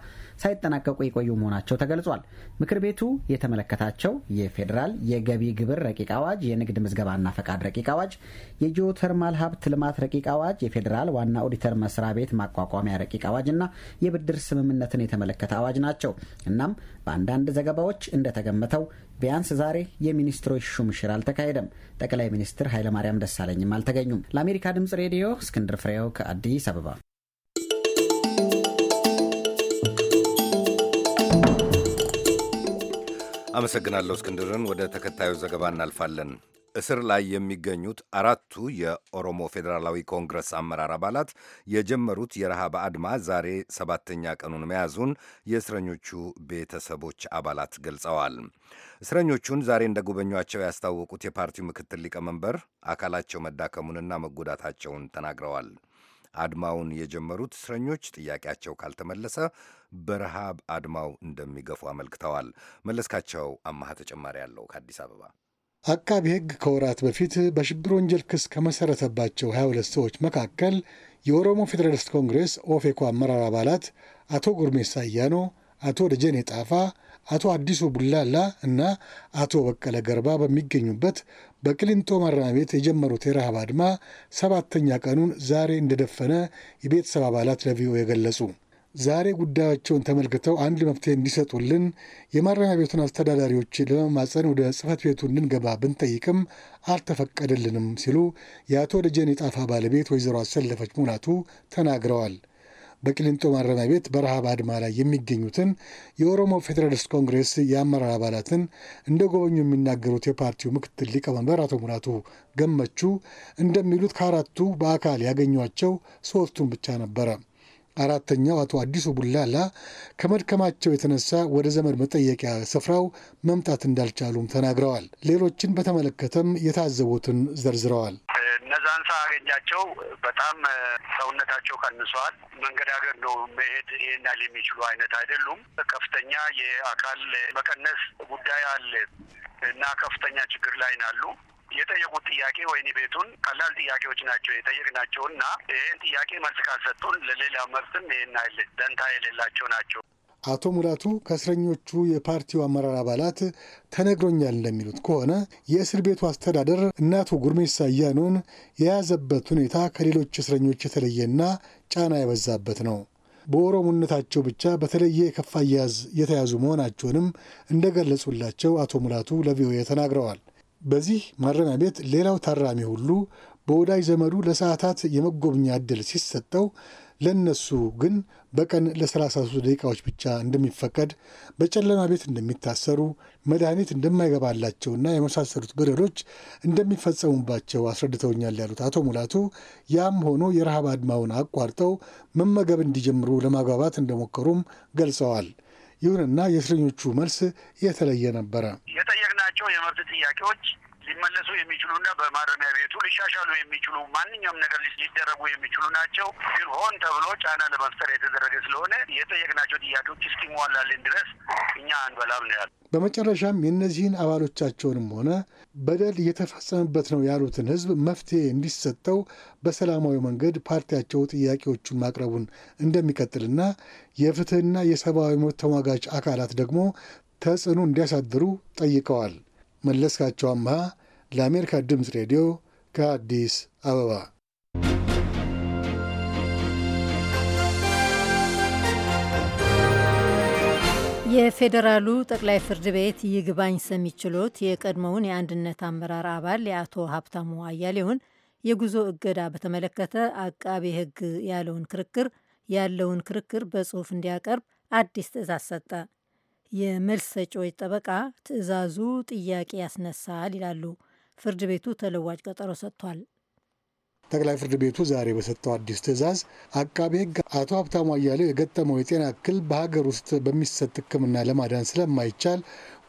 ሳይጠናቀቁ የቆዩ መሆናቸው ተገልጿል። ምክር ቤቱ የተመለከታቸው የፌዴራል የገቢ ግብር ረቂቅ አዋጅ፣ የንግድ ምዝገባና ፈቃድ ረቂቅ አዋጅ፣ የጂኦተርማል ሀብት ልማት ረቂቅ አዋጅ፣ የፌዴራል ዋና ኦዲተር መስሪያ ቤት ማቋቋሚያ ረቂቅ አዋጅና የብድር ስምምነትን የተመለከተ አዋጅ ናቸው። እናም በአንዳንድ ዘገባዎች እንደተገመተው ቢያንስ ዛሬ የሚኒስትሮች ሹምሽር አልተካሄደም። ጠቅላይ ሚኒስትር ኃይለማርያም ደሳለኝም አልተገኙም። ለአሜሪካ ድምጽ ሬዲዮ እስክንድር ፍሬው ከአዲስ አበባ አመሰግናለሁ እስክንድርን። ወደ ተከታዩ ዘገባ እናልፋለን። እስር ላይ የሚገኙት አራቱ የኦሮሞ ፌዴራላዊ ኮንግረስ አመራር አባላት የጀመሩት የረሃብ አድማ ዛሬ ሰባተኛ ቀኑን መያዙን የእስረኞቹ ቤተሰቦች አባላት ገልጸዋል። እስረኞቹን ዛሬ እንደጎበኟቸው ያስታወቁት የፓርቲው ምክትል ሊቀመንበር አካላቸው መዳከሙንና መጎዳታቸውን ተናግረዋል። አድማውን የጀመሩት እስረኞች ጥያቄያቸው ካልተመለሰ በረሃብ አድማው እንደሚገፉ አመልክተዋል። መለስካቸው አማሃ ተጨማሪ አለው ከአዲስ አበባ። አቃቢ ሕግ ከወራት በፊት በሽብር ወንጀል ክስ ከመሰረተባቸው 22 ሰዎች መካከል የኦሮሞ ፌዴራሊስት ኮንግሬስ ኦፌኮ አመራር አባላት አቶ ጉርሜሳ አያኖ፣ አቶ ደጀኔ ጣፋ አቶ አዲሱ ቡላላ እና አቶ በቀለ ገርባ በሚገኙበት በቅሊንጦ ማረሚያ ቤት የጀመሩት የረሃብ አድማ ሰባተኛ ቀኑን ዛሬ እንደደፈነ የቤተሰብ አባላት ለቪኦኤ የገለጹ ዛሬ ጉዳያቸውን ተመልክተው አንድ መፍትሄ እንዲሰጡልን የማረሚያ ቤቱን አስተዳዳሪዎች ለመማፀን ወደ ጽህፈት ቤቱ እንድንገባ ብንጠይቅም አልተፈቀደልንም ሲሉ የአቶ ደጀኔ ጣፋ ባለቤት ወይዘሮ አሰለፈች ሙላቱ ተናግረዋል። በቂሊንጦ ማረሚያ ቤት በረሃብ አድማ ላይ የሚገኙትን የኦሮሞ ፌዴራሊስት ኮንግሬስ የአመራር አባላትን እንደ ጎበኙ የሚናገሩት የፓርቲው ምክትል ሊቀመንበር አቶ ሙላቱ ገመቹ እንደሚሉት ከአራቱ በአካል ያገኟቸው ሶስቱን ብቻ ነበረ። አራተኛው አቶ አዲሱ ቡላላ ከመድከማቸው የተነሳ ወደ ዘመድ መጠየቂያ ስፍራው መምጣት እንዳልቻሉም ተናግረዋል። ሌሎችን በተመለከተም የታዘቡትን ዘርዝረዋል። እነዛን ሳገኛቸው በጣም ሰውነታቸው ቀንሷል። መንገድ ሀገር ነው መሄድ ይሄናል የሚችሉ አይነት አይደሉም። ከፍተኛ የአካል መቀነስ ጉዳይ አለ እና ከፍተኛ ችግር ላይ ናሉ። የጠየቁት ጥያቄ ወይኒ ቤቱን ቀላል ጥያቄዎች ናቸው የጠየቅናቸው እና ይህን ጥያቄ መልስ ካልሰጡን ለሌላ መብትም ይሄን አይል ደንታ የሌላቸው ናቸው። አቶ ሙላቱ ከእስረኞቹ የፓርቲው አመራር አባላት ተነግሮኛል እንደሚሉት ከሆነ የእስር ቤቱ አስተዳደር እናቱ አቶ ጉርሜሳ አያኖን የያዘበት ሁኔታ ከሌሎች እስረኞች የተለየና ጫና የበዛበት ነው። በኦሮሞነታቸው ብቻ በተለየ የከፋ አያያዝ የተያዙ መሆናቸውንም እንደገለጹላቸው አቶ ሙላቱ ለቪኦኤ ተናግረዋል። በዚህ ማረሚያ ቤት ሌላው ታራሚ ሁሉ በወዳጅ ዘመዱ ለሰዓታት የመጎብኛ ዕድል ሲሰጠው ለእነሱ ግን በቀን ለ33 ደቂቃዎች ብቻ እንደሚፈቀድ፣ በጨለማ ቤት እንደሚታሰሩ፣ መድኃኒት እንደማይገባላቸውና የመሳሰሉት በደሎች እንደሚፈጸሙባቸው አስረድተውኛል ያሉት አቶ ሙላቱ ያም ሆኖ የረሃብ አድማውን አቋርጠው መመገብ እንዲጀምሩ ለማግባባት እንደሞከሩም ገልጸዋል። ይሁንና የእስረኞቹ መልስ የተለየ ነበረ። የጠየቅናቸው የመብት ጥያቄዎች ሊመለሱ የሚችሉና በማረሚያ ቤቱ ሊሻሻሉ የሚችሉ ማንኛውም ነገር ሊደረጉ የሚችሉ ናቸው። ግን ሆን ተብሎ ጫና ለመፍጠር የተደረገ ስለሆነ የጠየቅናቸው ጥያቄዎች እስኪሟላልን ድረስ እኛ አንበላም ነው ያሉ። በመጨረሻም የእነዚህን አባሎቻቸውንም ሆነ በደል እየተፈጸመበት ነው ያሉትን ሕዝብ መፍትሄ እንዲሰጠው በሰላማዊ መንገድ ፓርቲያቸው ጥያቄዎቹን ማቅረቡን እንደሚቀጥልና የፍትህና የሰብአዊ መብት ተሟጋች አካላት ደግሞ ተጽዕኖ እንዲያሳድሩ ጠይቀዋል። መለስካቸው አምሃ ለአሜሪካ ድምፅ ሬዲዮ ከአዲስ አበባ የፌዴራሉ ጠቅላይ ፍርድ ቤት ይግባኝ ሰሚ ችሎት የቀድሞውን የአንድነት አመራር አባል የአቶ ሀብታሙ አያሌውን የጉዞ እገዳ በተመለከተ አቃቤ ሕግ ያለውን ክርክር ያለውን ክርክር በጽሁፍ እንዲያቀርብ አዲስ ትእዛዝ ሰጠ። የመልስ ሰጪዎች ጠበቃ ትእዛዙ ጥያቄ ያስነሳል ይላሉ። ፍርድ ቤቱ ተለዋጭ ቀጠሮ ሰጥቷል። ጠቅላይ ፍርድ ቤቱ ዛሬ በሰጠው አዲስ ትዕዛዝ አቃቤ ሕግ አቶ ሀብታሙ አያሌው የገጠመው የጤና እክል በሀገር ውስጥ በሚሰጥ ሕክምና ለማዳን ስለማይቻል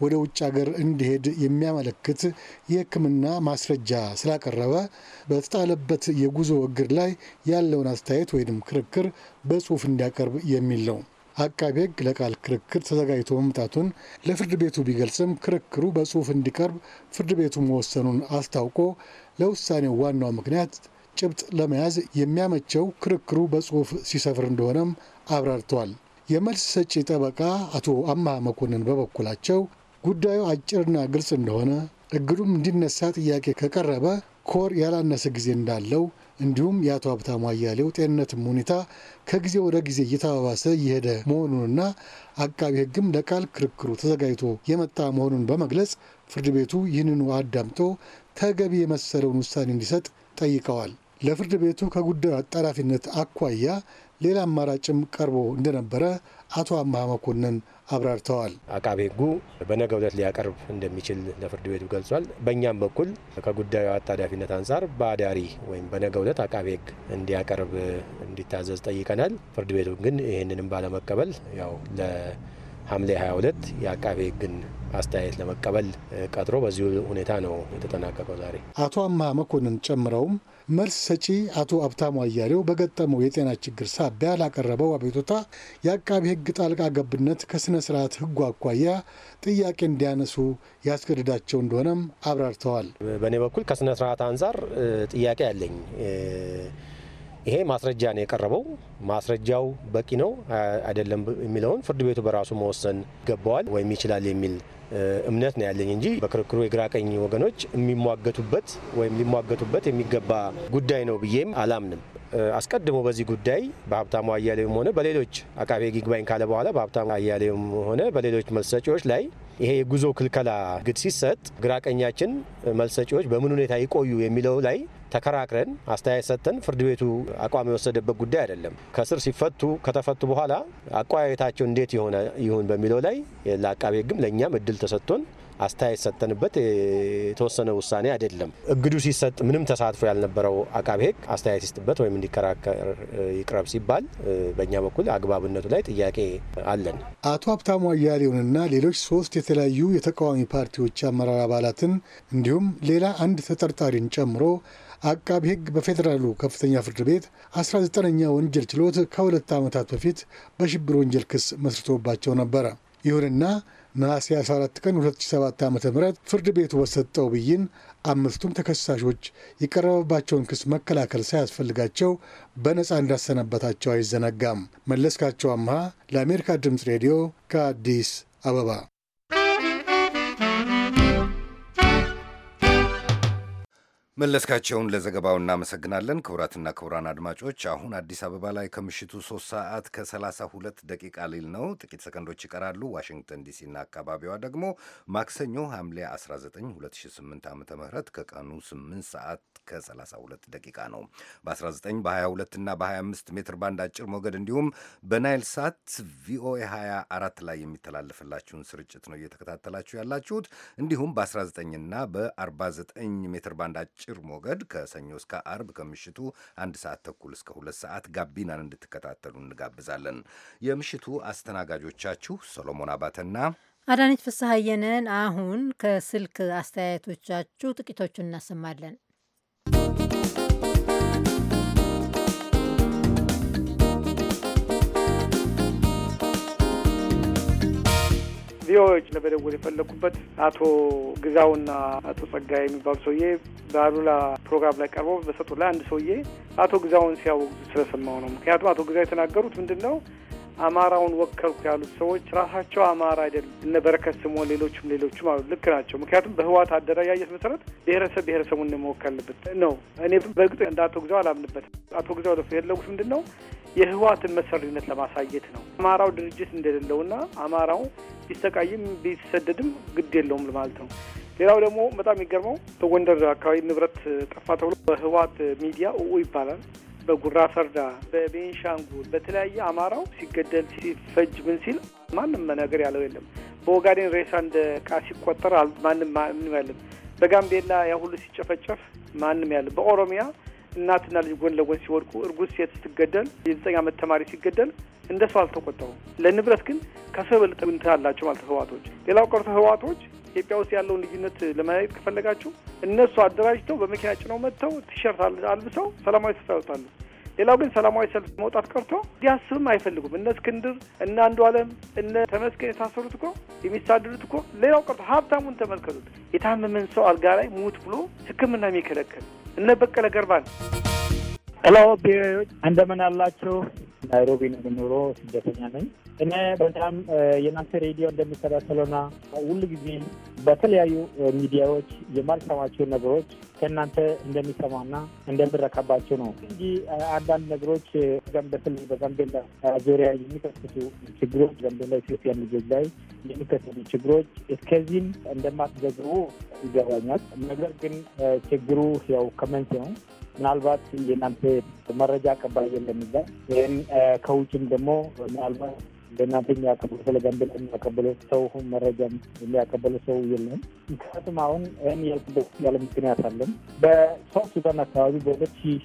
ወደ ውጭ ሀገር እንዲሄድ የሚያመለክት የሕክምና ማስረጃ ስላቀረበ በተጣለበት የጉዞ እግር ላይ ያለውን አስተያየት ወይም ክርክር በጽሁፍ እንዲያቀርብ የሚል ነው። አቃቤ ሕግ ለቃል ክርክር ተዘጋጅቶ መምጣቱን ለፍርድ ቤቱ ቢገልጽም ክርክሩ በጽሁፍ እንዲቀርብ ፍርድ ቤቱ መወሰኑን አስታውቆ ለውሳኔው ዋናው ምክንያት ጭብጥ ለመያዝ የሚያመቸው ክርክሩ በጽሁፍ ሲሰፍር እንደሆነም አብራርተዋል። የመልስ ሰጪ ጠበቃ አቶ አማ መኮንን በበኩላቸው ጉዳዩ አጭርና ግልጽ እንደሆነ እግዱም እንዲነሳ ጥያቄ ከቀረበ ኮር ያላነሰ ጊዜ እንዳለው እንዲሁም የአቶ ሀብታሙ አያሌው ጤንነትም ሁኔታ ከጊዜ ወደ ጊዜ እየተባባሰ እየሄደ መሆኑንና አቃቢ ሕግም ለቃል ክርክሩ ተዘጋጅቶ የመጣ መሆኑን በመግለጽ ፍርድ ቤቱ ይህንኑ አዳምጦ ተገቢ የመሰለውን ውሳኔ እንዲሰጥ ጠይቀዋል። ለፍርድ ቤቱ ከጉዳዩ አጣራፊነት አኳያ ሌላ አማራጭም ቀርቦ እንደነበረ አቶ አምሃ መኮንን አብራርተዋል። አቃቤ ሕጉ በነገ ዕለት ሊያቀርብ እንደሚችል ለፍርድ ቤቱ ገልጿል። በእኛም በኩል ከጉዳዩ አጣዳፊነት አንጻር በአዳሪ ወይም በነገ ዕለት አቃቤ ሕግ እንዲያቀርብ እንዲታዘዝ ጠይቀናል። ፍርድ ቤቱ ግን ይህንንም ባለመቀበል ያው ሐምሌ 22 የአቃቤ ሕግን አስተያየት ለመቀበል ቀጥሮ በዚሁ ሁኔታ ነው የተጠናቀቀው። ዛሬ አቶ አማ መኮንን ጨምረውም መልስ ሰጪ አቶ አብታሙ አያሌው በገጠመው የጤና ችግር ሳቢያ ላቀረበው አቤቱታ የአቃቢ ሕግ ጣልቃ ገብነት ከሥነ ስርዓት ሕጉ አኳያ ጥያቄ እንዲያነሱ ያስገድዳቸው እንደሆነም አብራርተዋል። በእኔ በኩል ከሥነ ስርዓት አንጻር ጥያቄ አለኝ ይሄ ማስረጃ ነው የቀረበው። ማስረጃው በቂ ነው አይደለም የሚለውን ፍርድ ቤቱ በራሱ መወሰን ይገባዋል ወይም ይችላል የሚል እምነት ነው ያለኝ እንጂ በክርክሩ የግራ ቀኝ ወገኖች የሚሟገቱበት ወይም ሊሟገቱበት የሚገባ ጉዳይ ነው ብዬም አላምንም። አስቀድሞ በዚህ ጉዳይ በሀብታሙ አያሌውም ሆነ በሌሎች አቃቤ ይግባኝ ካለ በኋላ በሀብታሙ አያሌውም ሆነ በሌሎች መልስ ሰጪዎች ላይ ይሄ የጉዞ ክልከላ ግድ ሲሰጥ ግራቀኛችን መልሰጫዎች መልስ ሰጪዎች በምን ሁኔታ ይቆዩ የሚለው ላይ ተከራክረን አስተያየት ሰጥተን ፍርድ ቤቱ አቋም የወሰደበት ጉዳይ አይደለም። ከስር ሲፈቱ ከተፈቱ በኋላ አቋያየታቸው እንዴት የሆነ ይሁን በሚለው ላይ ለአቃቤ ሕግም ለእኛም እድል ተሰጥቶን አስተያየት ሰጠንበት የተወሰነ ውሳኔ አይደለም። እግዱ ሲሰጥ ምንም ተሳትፎ ያልነበረው አቃቤ ሕግ አስተያየት ሲስጥበት ወይም እንዲከራከር ይቅረብ ሲባል በእኛ በኩል አግባብነቱ ላይ ጥያቄ አለን። አቶ ሀብታሙ አያሌውንና ሌሎች ሶስት የተለያዩ የተቃዋሚ ፓርቲዎች አመራር አባላትን እንዲሁም ሌላ አንድ ተጠርጣሪን ጨምሮ አቃቢ ሕግ በፌዴራሉ ከፍተኛ ፍርድ ቤት 19ኛ ወንጀል ችሎት ከሁለት ዓመታት በፊት በሽብር ወንጀል ክስ መስርቶባቸው ነበረ። ይሁንና ነሐሴ 14 ቀን 2007 ዓ ም ፍርድ ቤቱ በሰጠው ብይን አምስቱም ተከሳሾች የቀረበባቸውን ክስ መከላከል ሳያስፈልጋቸው በነፃ እንዳሰነበታቸው አይዘነጋም። መለስካቸው አምሃ ለአሜሪካ ድምፅ ሬዲዮ ከአዲስ አበባ መለስካቸውን ለዘገባው እናመሰግናለን። ክቡራትና ክቡራን አድማጮች አሁን አዲስ አበባ ላይ ከምሽቱ ሶስት ሰዓት ከሰላሳ ሁለት ደቂቃ ሊል ነው። ጥቂት ሰከንዶች ይቀራሉ። ዋሽንግተን ዲሲና አካባቢዋ ደግሞ ማክሰኞ ሐምሌ 19 2008 ዓ ም ከቀኑ 8 ሰዓት ከ32 ደቂቃ ነው። በ19 በ22 እና በ25 ሜትር ባንድ አጭር ሞገድ እንዲሁም በናይል ሳት ቪኦኤ 24 ላይ የሚተላለፍላችሁን ስርጭት ነው እየተከታተላችሁ ያላችሁት። እንዲሁም በ19 እና በ49 ሜትር ባንድ አጭር በአጭር ሞገድ ከሰኞ እስከ አርብ ከምሽቱ አንድ ሰዓት ተኩል እስከ ሁለት ሰዓት ጋቢናን እንድትከታተሉ እንጋብዛለን። የምሽቱ አስተናጋጆቻችሁ ሰሎሞን አባተና አዳነች ፍስሐየንን። አሁን ከስልክ አስተያየቶቻችሁ ጥቂቶቹን እናሰማለን። ቪኦኤዎች ለመደወል የፈለኩበት አቶ ግዛውና አቶ ጸጋዬ የሚባሉ ሰውዬ በአሉላ ፕሮግራም ላይ ቀርበው በሰጡ ላይ አንድ ሰውዬ አቶ ግዛውን ሲያወግዙ ስለሰማው ነው። ምክንያቱም አቶ ግዛው የተናገሩት ምንድን ነው አማራውን ወከልኩ ያሉት ሰዎች ራሳቸው አማራ አይደሉም። እነ በረከት ስምኦን፣ ሌሎችም ሌሎችም አሉ። ልክ ናቸው። ምክንያቱም በህዋት አደረጃጀት መሰረት ብሔረሰብ ብሔረሰቡን መወከል ነው። እኔ በእርግጥ እንደ አቶ ጊዜው አላምንበትም። አቶ ጊዜው ለፍ የለጉት ምንድን ነው የህዋትን መሰሪነት ለማሳየት ነው። አማራው ድርጅት እንደሌለውና አማራው ቢሰቃይም ቢሰደድም ግድ የለውም ማለት ነው። ሌላው ደግሞ በጣም የሚገርመው በጎንደር አካባቢ ንብረት ጠፋ ተብሎ በህዋት ሚዲያ እኡ ይባላል በጉራ ፈርዳ፣ በቤንሻንጉል፣ በተለያየ አማራው ሲገደል ሲፈጅ ምን ሲል ማንም ነገር ያለው የለም። በኦጋዴን ሬሳ እንደ ዕቃ ሲቆጠር ማንም ምንም ያለም። በጋምቤላ ያ ሁሉ ሲጨፈጨፍ ማንም ያለ። በኦሮሚያ እናትና ልጅ ጎን ለጎን ሲወድቁ፣ እርጉዝ ሴት ስትገደል፣ የዘጠኝ ዓመት ተማሪ ሲገደል እንደ ሰው አልተቆጠሩም። ለንብረት ግን ከሰው በልጥ እንትን አላቸው ማለት ህዋቶች። ሌላው ቀርቶ ህዋቶች ኢትዮጵያ ውስጥ ያለውን ልዩነት ለማየት ከፈለጋችሁ እነሱ አደራጅተው በመኪና ጭነው መጥተው ቲሸርት አልብሰው ሰላማዊ ሰልፍ ያወጣሉ። ሌላው ግን ሰላማዊ ሰልፍ መውጣት ቀርቶ እንዲያስብም አይፈልጉም። እነ እስክንድር እነ አንዱ አለም እነ ተመስገን የታሰሩት እኮ የሚሳድዱት እኮ ሌላው ቀርቶ ሀብታሙን ተመልከቱት። የታመመን ሰው አልጋ ላይ ሙት ብሎ ሕክምና የሚከለከል እነ በቀለ ገርባን ሄሎ፣ እንደምን አላችሁ? ናይሮቢ ነው የምኖረው፣ ስደተኛ ነኝ። እኔ በጣም የእናንተ ሬዲዮ እንደሚሰራ እንደሚከታተለውና ሁሉ ጊዜ በተለያዩ ሚዲያዎች የማልሰማቸው ነገሮች ከእናንተ እንደሚሰማና እንደምረካባቸው ነው እንጂ አንዳንድ ነገሮች በተለይ በጋምቤላ ዙሪያ የሚከሰቱ ችግሮች፣ ጋምቤላ ኢትዮጵያ ልጆች ላይ የሚከሰቱ ችግሮች እስከዚህም እንደማትዘግቡ ይገባኛል። ነገር ግን ችግሩ ያው ከመንት ነው። ምናልባት የእናንተ መረጃ አቀባይ የለም እዛ ይህም ከውጭም ደግሞ ምናልባት እንደናንተ የሚያቀብሉ ስለ ገንዘብ የሚያቀብሉ ሰው መረጃ የሚያቀብሉ ሰው የለም። ምክንያቱም አሁን ይህን ያልኩበት ያለ ምክንያት አለን። በሶስት ሱዳን አካባቢ በሁለት ሺ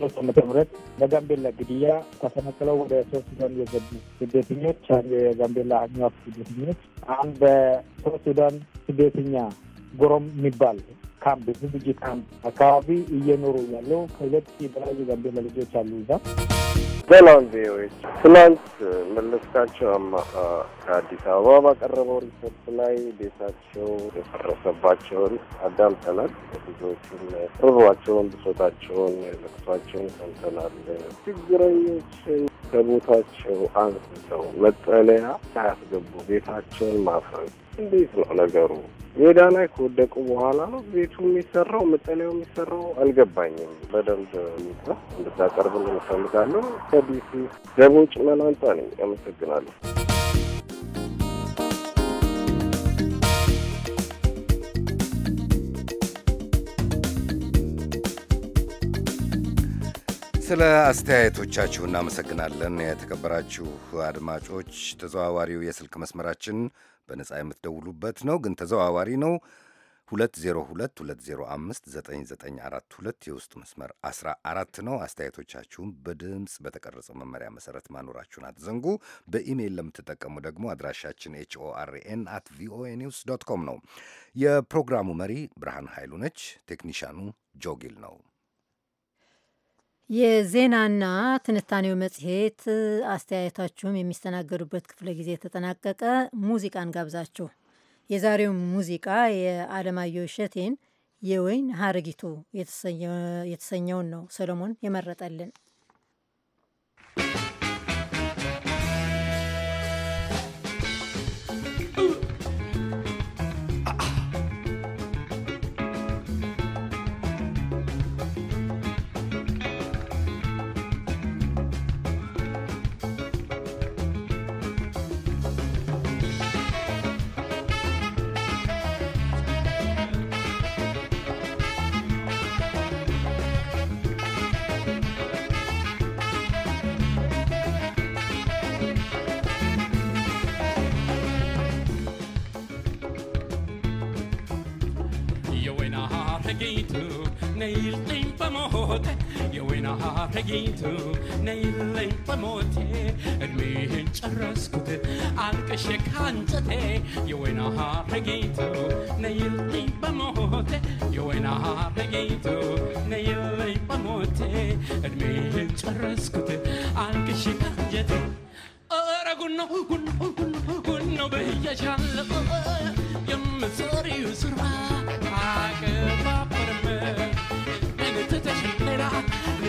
ሶስት ዓመተ ምህረት በጋምቤላ ግድያ ተፈናቅለው ወደ ሶስት ሱዳን የገቡ ስደተኞች አንዱ የጋምቤላ አኝዋክ ስደተኞች አሁን በሶስት ሱዳን ስደተኛ ጎሮም የሚባል ካምፕ ዝግጅ ካምፕ አካባቢ እየኖሩ ያለው ከሁለት ሺህ በላይ የጋምቤላ ልጆች አሉ እዛ። ሰላም ቪኦኤዎች፣ ትናንት መለስካቸው ከአዲስ አበባ ባቀረበው ሪፖርት ላይ ቤታቸው የፈረሰባቸውን አዳምጠናል። ብዙዎችን ርሯቸውን፣ ብሶታቸውን፣ ለቅሷቸውን ሰምተናል። ችግረኞች ከቦታቸው አንስተው መጠለያ ሳያስገቡ ቤታቸውን ማፍረስ እንዴት ነው ነገሩ? ሜዳ ላይ ከወደቁ በኋላ ነው ቤቱ የሚሰራው መጠለያው የሚሰራው አልገባኝም። በደንብ ሚጣ እንድታቀርብ እንፈልጋለን። ከዲሲ ደቦጭ መላንጣ ነኝ። አመሰግናለሁ። ስለ አስተያየቶቻችሁ እናመሰግናለን። የተከበራችሁ አድማጮች፣ ተዘዋዋሪው የስልክ መስመራችን በነጻ የምትደውሉበት ነው፣ ግን ተዘዋዋሪ ነው። 2022059942 የውስጥ መስመር 14 ነው። አስተያየቶቻችሁም በድምፅ በተቀረጸው መመሪያ መሰረት ማኖራችሁን አትዘንጉ። በኢሜይል ለምትጠቀሙ ደግሞ አድራሻችን ኤችኦአርኤን አት ቪኦኤ ኒውስ ዶት ኮም ነው። የፕሮግራሙ መሪ ብርሃን ኃይሉ ነች። ቴክኒሻኑ ጆጊል ነው። የዜናና ትንታኔው መጽሔት አስተያየታችሁም የሚስተናገዱበት ክፍለ ጊዜ ተጠናቀቀ። ሙዚቃን ጋብዛችሁ የዛሬው ሙዚቃ የአለማየሁ እሸቴን የወይን ሀረጊቱ የተሰኘውን ነው ሰለሞን የመረጠልን። ተገኝቶ ነይለኝ በሞቴ እድሜህን ጨረስኩት አልቅሼ ካንጨቴ የወይና ሐር ተገኝቶ ነይለኝ በሞቴ የወይና ሐር ተገኝቶ ነይለኝ በሞቴ እድሜህን ጨረስኩት አልቅሼ ካንጨቴ ኧረ ጉኖ ጉኖ ጉኖ ጉኖ ብዬሻለሁ የምትሰሪው ስራ አቅባባ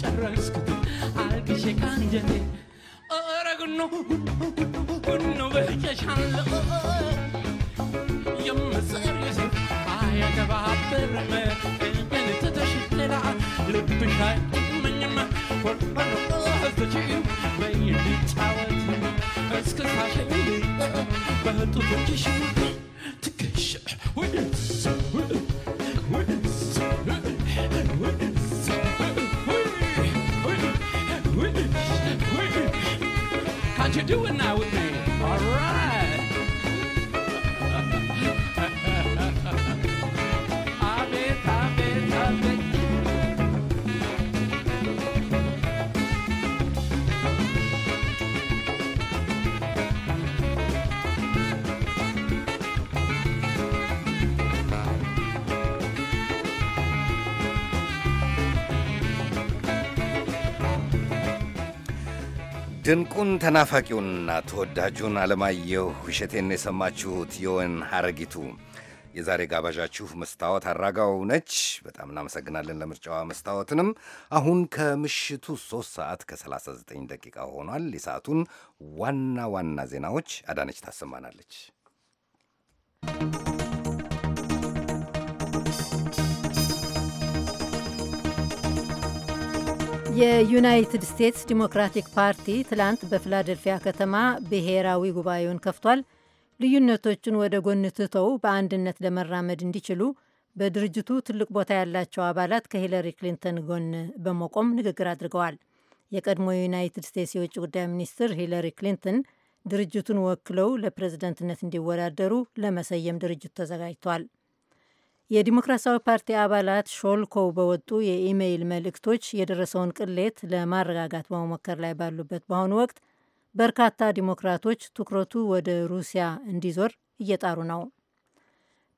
ጨረስኩት አልቅሼ ካንጀቴ ረግኖ ጉኖ በጀሻለው የምሰርሽ አያተባበረ ብልትተሽ ሌላ ልብሽ አይመኝም ወርፈኖ ህዝች በይልጫወት እስክሳሽ በህጡቶችሽ ትከሽ ወደ doing now with me? All right. ድንቁን ተናፋቂውንና ተወዳጁን አለማየሁ እሸቴን የሰማችሁት የወን ሐረጊቱ የዛሬ ጋባዣችሁ መስታወት አራጋው ነች። በጣም እናመሰግናለን ለምርጫዋ መስታወትንም። አሁን ከምሽቱ 3 ሰዓት ከ39 ደቂቃ ሆኗል። የሰዓቱን ዋና ዋና ዜናዎች አዳነች ታሰማናለች። የዩናይትድ ስቴትስ ዲሞክራቲክ ፓርቲ ትላንት በፊላደልፊያ ከተማ ብሔራዊ ጉባኤውን ከፍቷል። ልዩነቶችን ወደ ጎን ትተው በአንድነት ለመራመድ እንዲችሉ በድርጅቱ ትልቅ ቦታ ያላቸው አባላት ከሂለሪ ክሊንተን ጎን በመቆም ንግግር አድርገዋል። የቀድሞ የዩናይትድ ስቴትስ የውጭ ጉዳይ ሚኒስትር ሂለሪ ክሊንተን ድርጅቱን ወክለው ለፕሬዝደንትነት እንዲወዳደሩ ለመሰየም ድርጅቱ ተዘጋጅቷል። የዲሞክራሲያዊ ፓርቲ አባላት ሾልኮው በወጡ የኢሜይል መልእክቶች የደረሰውን ቅሌት ለማረጋጋት በመሞከር ላይ ባሉበት በአሁኑ ወቅት በርካታ ዲሞክራቶች ትኩረቱ ወደ ሩሲያ እንዲዞር እየጣሩ ነው።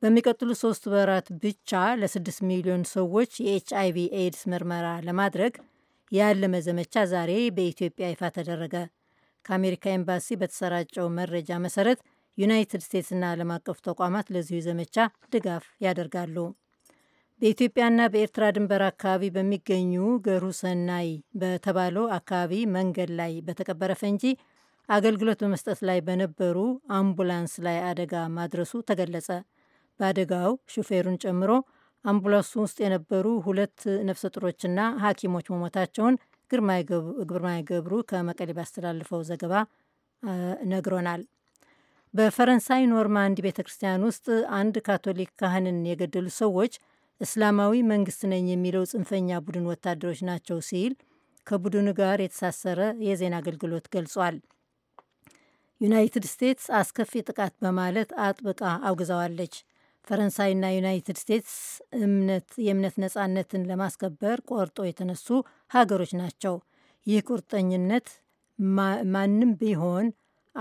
በሚቀጥሉ ሶስት ወራት ብቻ ለስድስት ሚሊዮን ሰዎች የኤች ኤድስ ምርመራ ለማድረግ ያለመ ዘመቻ ዛሬ በኢትዮጵያ ይፋ ተደረገ። ከአሜሪካ ኤምባሲ በተሰራጨው መረጃ መሰረት ዩናይትድ ስቴትስና ዓለም አቀፍ ተቋማት ለዚሁ ዘመቻ ድጋፍ ያደርጋሉ። በኢትዮጵያና በኤርትራ ድንበር አካባቢ በሚገኙ ሰናይ በተባለው አካባቢ መንገድ ላይ በተቀበረ ፈንጂ አገልግሎት በመስጠት ላይ በነበሩ አምቡላንስ ላይ አደጋ ማድረሱ ተገለጸ። በአደጋው ሹፌሩን ጨምሮ አምቡላንሱ ውስጥ የነበሩ ሁለት ነፍሰ ጡሮችና ሐኪሞች መሞታቸውን ግርማይ ገብሩ ከመቀሌ ባስተላልፈው ዘገባ ነግሮናል። በፈረንሳይ ኖርማንድ ቤተ ክርስቲያን ውስጥ አንድ ካቶሊክ ካህንን የገደሉ ሰዎች እስላማዊ መንግስት ነኝ የሚለው ጽንፈኛ ቡድን ወታደሮች ናቸው ሲል ከቡድኑ ጋር የተሳሰረ የዜና አገልግሎት ገልጿል። ዩናይትድ ስቴትስ አስከፊ ጥቃት በማለት አጥብቃ አውግዛዋለች። ፈረንሳይና ዩናይትድ ስቴትስ እምነት የእምነት ነጻነትን ለማስከበር ቆርጦ የተነሱ ሀገሮች ናቸው። ይህ ቁርጠኝነት ማንም ቢሆን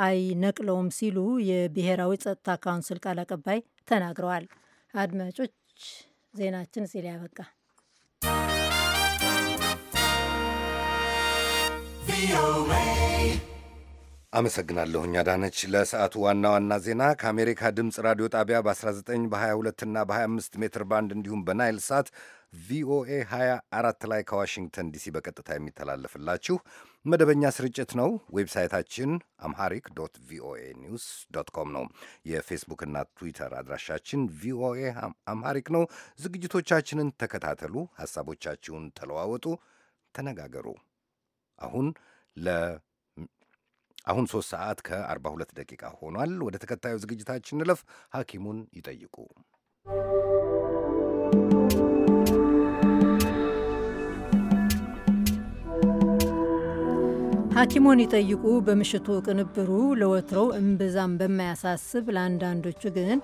አይነቅለውም ሲሉ የብሔራዊ ጸጥታ ካውንስል ቃል አቀባይ ተናግረዋል። አድማጮች ዜናችን ሲል ያበቃ። አመሰግናለሁኝ አዳነች። ለሰዓቱ ዋና ዋና ዜና ከአሜሪካ ድምፅ ራዲዮ ጣቢያ በ19 በ22 እና በ25 ሜትር ባንድ እንዲሁም በናይል ሳት ቪኦኤ 24 ላይ ከዋሽንግተን ዲሲ በቀጥታ የሚተላለፍላችሁ መደበኛ ስርጭት ነው። ዌብሳይታችን አምሃሪክ ዶት ቪኦኤ ኒውስ ዶት ኮም ነው። የፌስቡክና ትዊተር አድራሻችን ቪኦኤ አምሃሪክ ነው። ዝግጅቶቻችንን ተከታተሉ፣ ሐሳቦቻችሁን ተለዋወጡ፣ ተነጋገሩ። አሁን ለ አሁን ሶስት ሰዓት ከአርባ ሁለት ደቂቃ ሆኗል። ወደ ተከታዩ ዝግጅታችን እንለፍ። ሐኪሙን ይጠይቁ ሐኪሞን ይጠይቁ በምሽቱ ቅንብሩ ለወትሮው እምብዛም በማያሳስብ ለአንዳንዶቹ ግን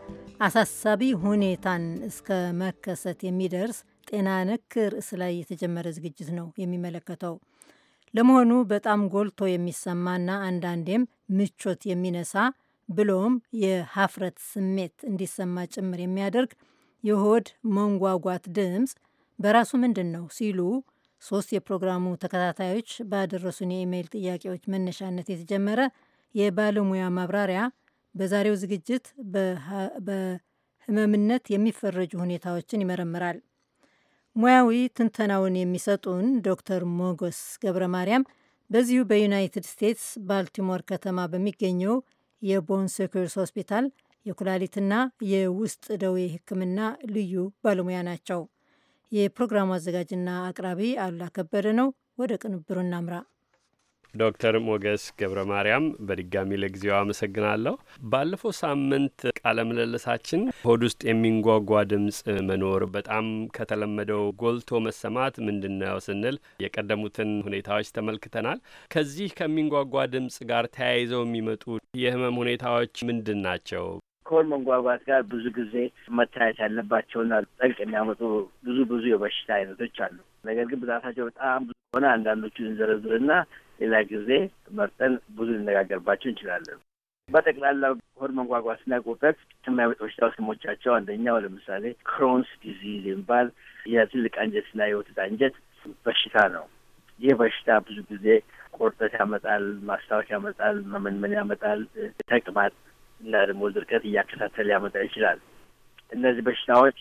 አሳሳቢ ሁኔታን እስከ መከሰት የሚደርስ ጤና ነክ ርዕስ ላይ የተጀመረ ዝግጅት ነው የሚመለከተው። ለመሆኑ በጣም ጎልቶ የሚሰማና አንዳንዴም ምቾት የሚነሳ ብሎም የሀፍረት ስሜት እንዲሰማ ጭምር የሚያደርግ የሆድ መንጓጓት ድምፅ በራሱ ምንድን ነው ሲሉ ሶስት የፕሮግራሙ ተከታታዮች ባደረሱን የኢሜይል ጥያቄዎች መነሻነት የተጀመረ የባለሙያ ማብራሪያ በዛሬው ዝግጅት በህመምነት የሚፈረጁ ሁኔታዎችን ይመረምራል። ሙያዊ ትንተናውን የሚሰጡን ዶክተር ሞገስ ገብረ ማርያም በዚሁ በዩናይትድ ስቴትስ ባልቲሞር ከተማ በሚገኘው የቦን ሴኩርስ ሆስፒታል የኩላሊትና የውስጥ ደዌ ሕክምና ልዩ ባለሙያ ናቸው። የፕሮግራሙ አዘጋጅና አቅራቢ አሉላ ከበደ ነው። ወደ ቅንብሩ እናምራ። ዶክተር ሞገስ ገብረ ማርያም በድጋሚ ለጊዜው አመሰግናለሁ። ባለፈው ሳምንት ቃለ ምልልሳችን ሆድ ውስጥ የሚንጓጓ ድምፅ መኖር በጣም ከተለመደው ጎልቶ መሰማት ምንድን ነው ስንል የቀደሙትን ሁኔታዎች ተመልክተናል። ከዚህ ከሚንጓጓ ድምፅ ጋር ተያይዘው የሚመጡ የህመም ሁኔታዎች ምንድን ናቸው? ከሆድ መንጓጓት ጋር ብዙ ጊዜ መታየት ያለባቸውና ጠንቅ የሚያመጡ ብዙ ብዙ የበሽታ አይነቶች አሉ። ነገር ግን ብዛታቸው በጣም ብዙ ከሆነ አንዳንዶቹን እንዘረዝርና ሌላ ጊዜ መርጠን ብዙ ልነጋገርባቸው እንችላለን። በጠቅላላ ሆድ መንጓጓትና ቁርጠት የሚያመጡ በሽታው ስሞቻቸው አንደኛው ለምሳሌ ክሮንስ ዲዚዝ የሚባል የትልቅ አንጀትና የወተት አንጀት በሽታ ነው። ይህ በሽታ ብዙ ጊዜ ቁርጠት ያመጣል፣ ማስታወክ ያመጣል፣ መመንመን ያመጣል፣ ተቅማጥ እና ደግሞ ድርቀት እያከታተል ሊያመጣ ይችላል። እነዚህ በሽታዎች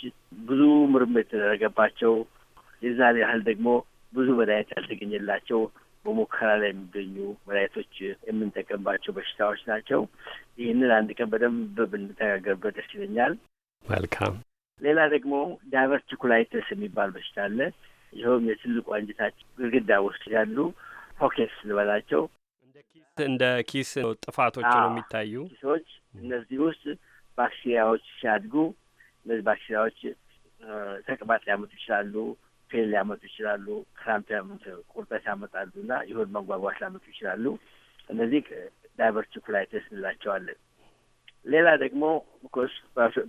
ብዙ ምርምር የተደረገባቸው የዛን ያህል ደግሞ ብዙ መድኃኒት ያልተገኘላቸው በሙከራ ላይ የሚገኙ መድኃኒቶች የምንጠቀምባቸው በሽታዎች ናቸው። ይህንን አንድ ቀን በደንብ ብንተጋገርበት ደስ ይለኛል። መልካም። ሌላ ደግሞ ዳይቨርቲኩላይተስ የሚባል በሽታ አለ። ይኸውም የትልቁ አንጀታችን ግድግዳ ውስጥ ያሉ ፖኬትስ ልበላቸው እንደ ኪስ ጥፋቶች ነው የሚታዩ ኪሶች እነዚህ ውስጥ ባክቴሪያዎች ሲያድጉ እነዚህ ባክቴሪያዎች ተቅማጥ ሊያመጡ ይችላሉ፣ ፔል ሊያመጡ ይችላሉ፣ ክራምፕ ቁርጠት ያመጣሉ እና የሆድ መጓጓት ሊያመጡ ይችላሉ። እነዚህ ዳይቨርቲኩላይተስ እንላቸዋለን። ሌላ ደግሞ ኮስ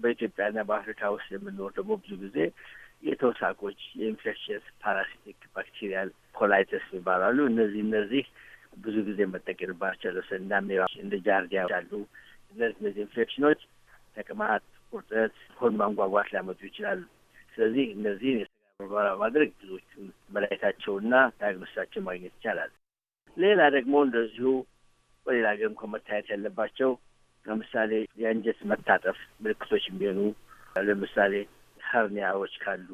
በኢትዮጵያና በአፍሪካ ውስጥ የምንኖር ደግሞ ብዙ ጊዜ የተውሳኮች የኢንፌክሽንስ ፓራሲቲክ ባክቴሪያል ኮላይተስ ይባላሉ። እነዚህ እነዚህ ብዙ ጊዜ መጠቀምባቸው ለሰ እንደ ጃርዲያ ያሉ ስለዚህ እነዚህ ኢንፌክሽኖች ተቅማጥ፣ ቁርጠት፣ ሆድ ማንጓጓት ሊያመጡ ይችላሉ። ስለዚህ እነዚህን የስጋ ምርመራ ማድረግ ብዙዎቹን መለየታቸውና ዳግኖሳቸው ማግኘት ይቻላል። ሌላ ደግሞ እንደዚሁ በሌላ ሀገርም ከመታየት ያለባቸው ለምሳሌ የአንጀት መታጠፍ ምልክቶች ቢሆኑ ለምሳሌ ሀርኒያዎች ካሉ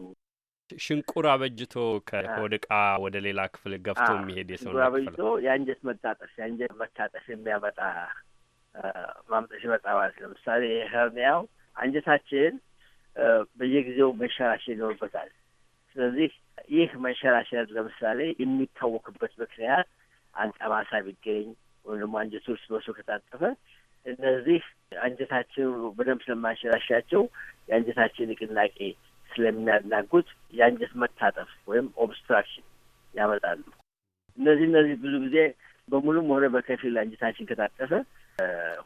ሽንቁር አበጅቶ ከሆድ ዕቃ ወደ ሌላ ክፍል ገፍቶ የሚሄድ የሰው ሽንቁር አበጅቶ የአንጀት መጣጠፍ የአንጀት መታጠፍ የሚያመጣ ማምጠሽ ይመጣ ይመጣዋል። ለምሳሌ ሄርኒያው አንጀታችን በየጊዜው መንሸራሸር ይኖርበታል። ስለዚህ ይህ መንሸራሸር ለምሳሌ የሚታወክበት ምክንያት አንጠባሳ ቢገኝ ወይም ደግሞ አንጀቱ ውስጥ በሱ ከታጠፈ እነዚህ አንጀታችን በደንብ ስለማንሸራሻቸው የአንጀታችን ንቅናቄ ስለሚያናጉት የአንጀት መታጠፍ ወይም ኦብስትራክሽን ያመጣሉ። እነዚህ እነዚህ ብዙ ጊዜ በሙሉም ሆነ በከፊል አንጀታችን ከታጠፈ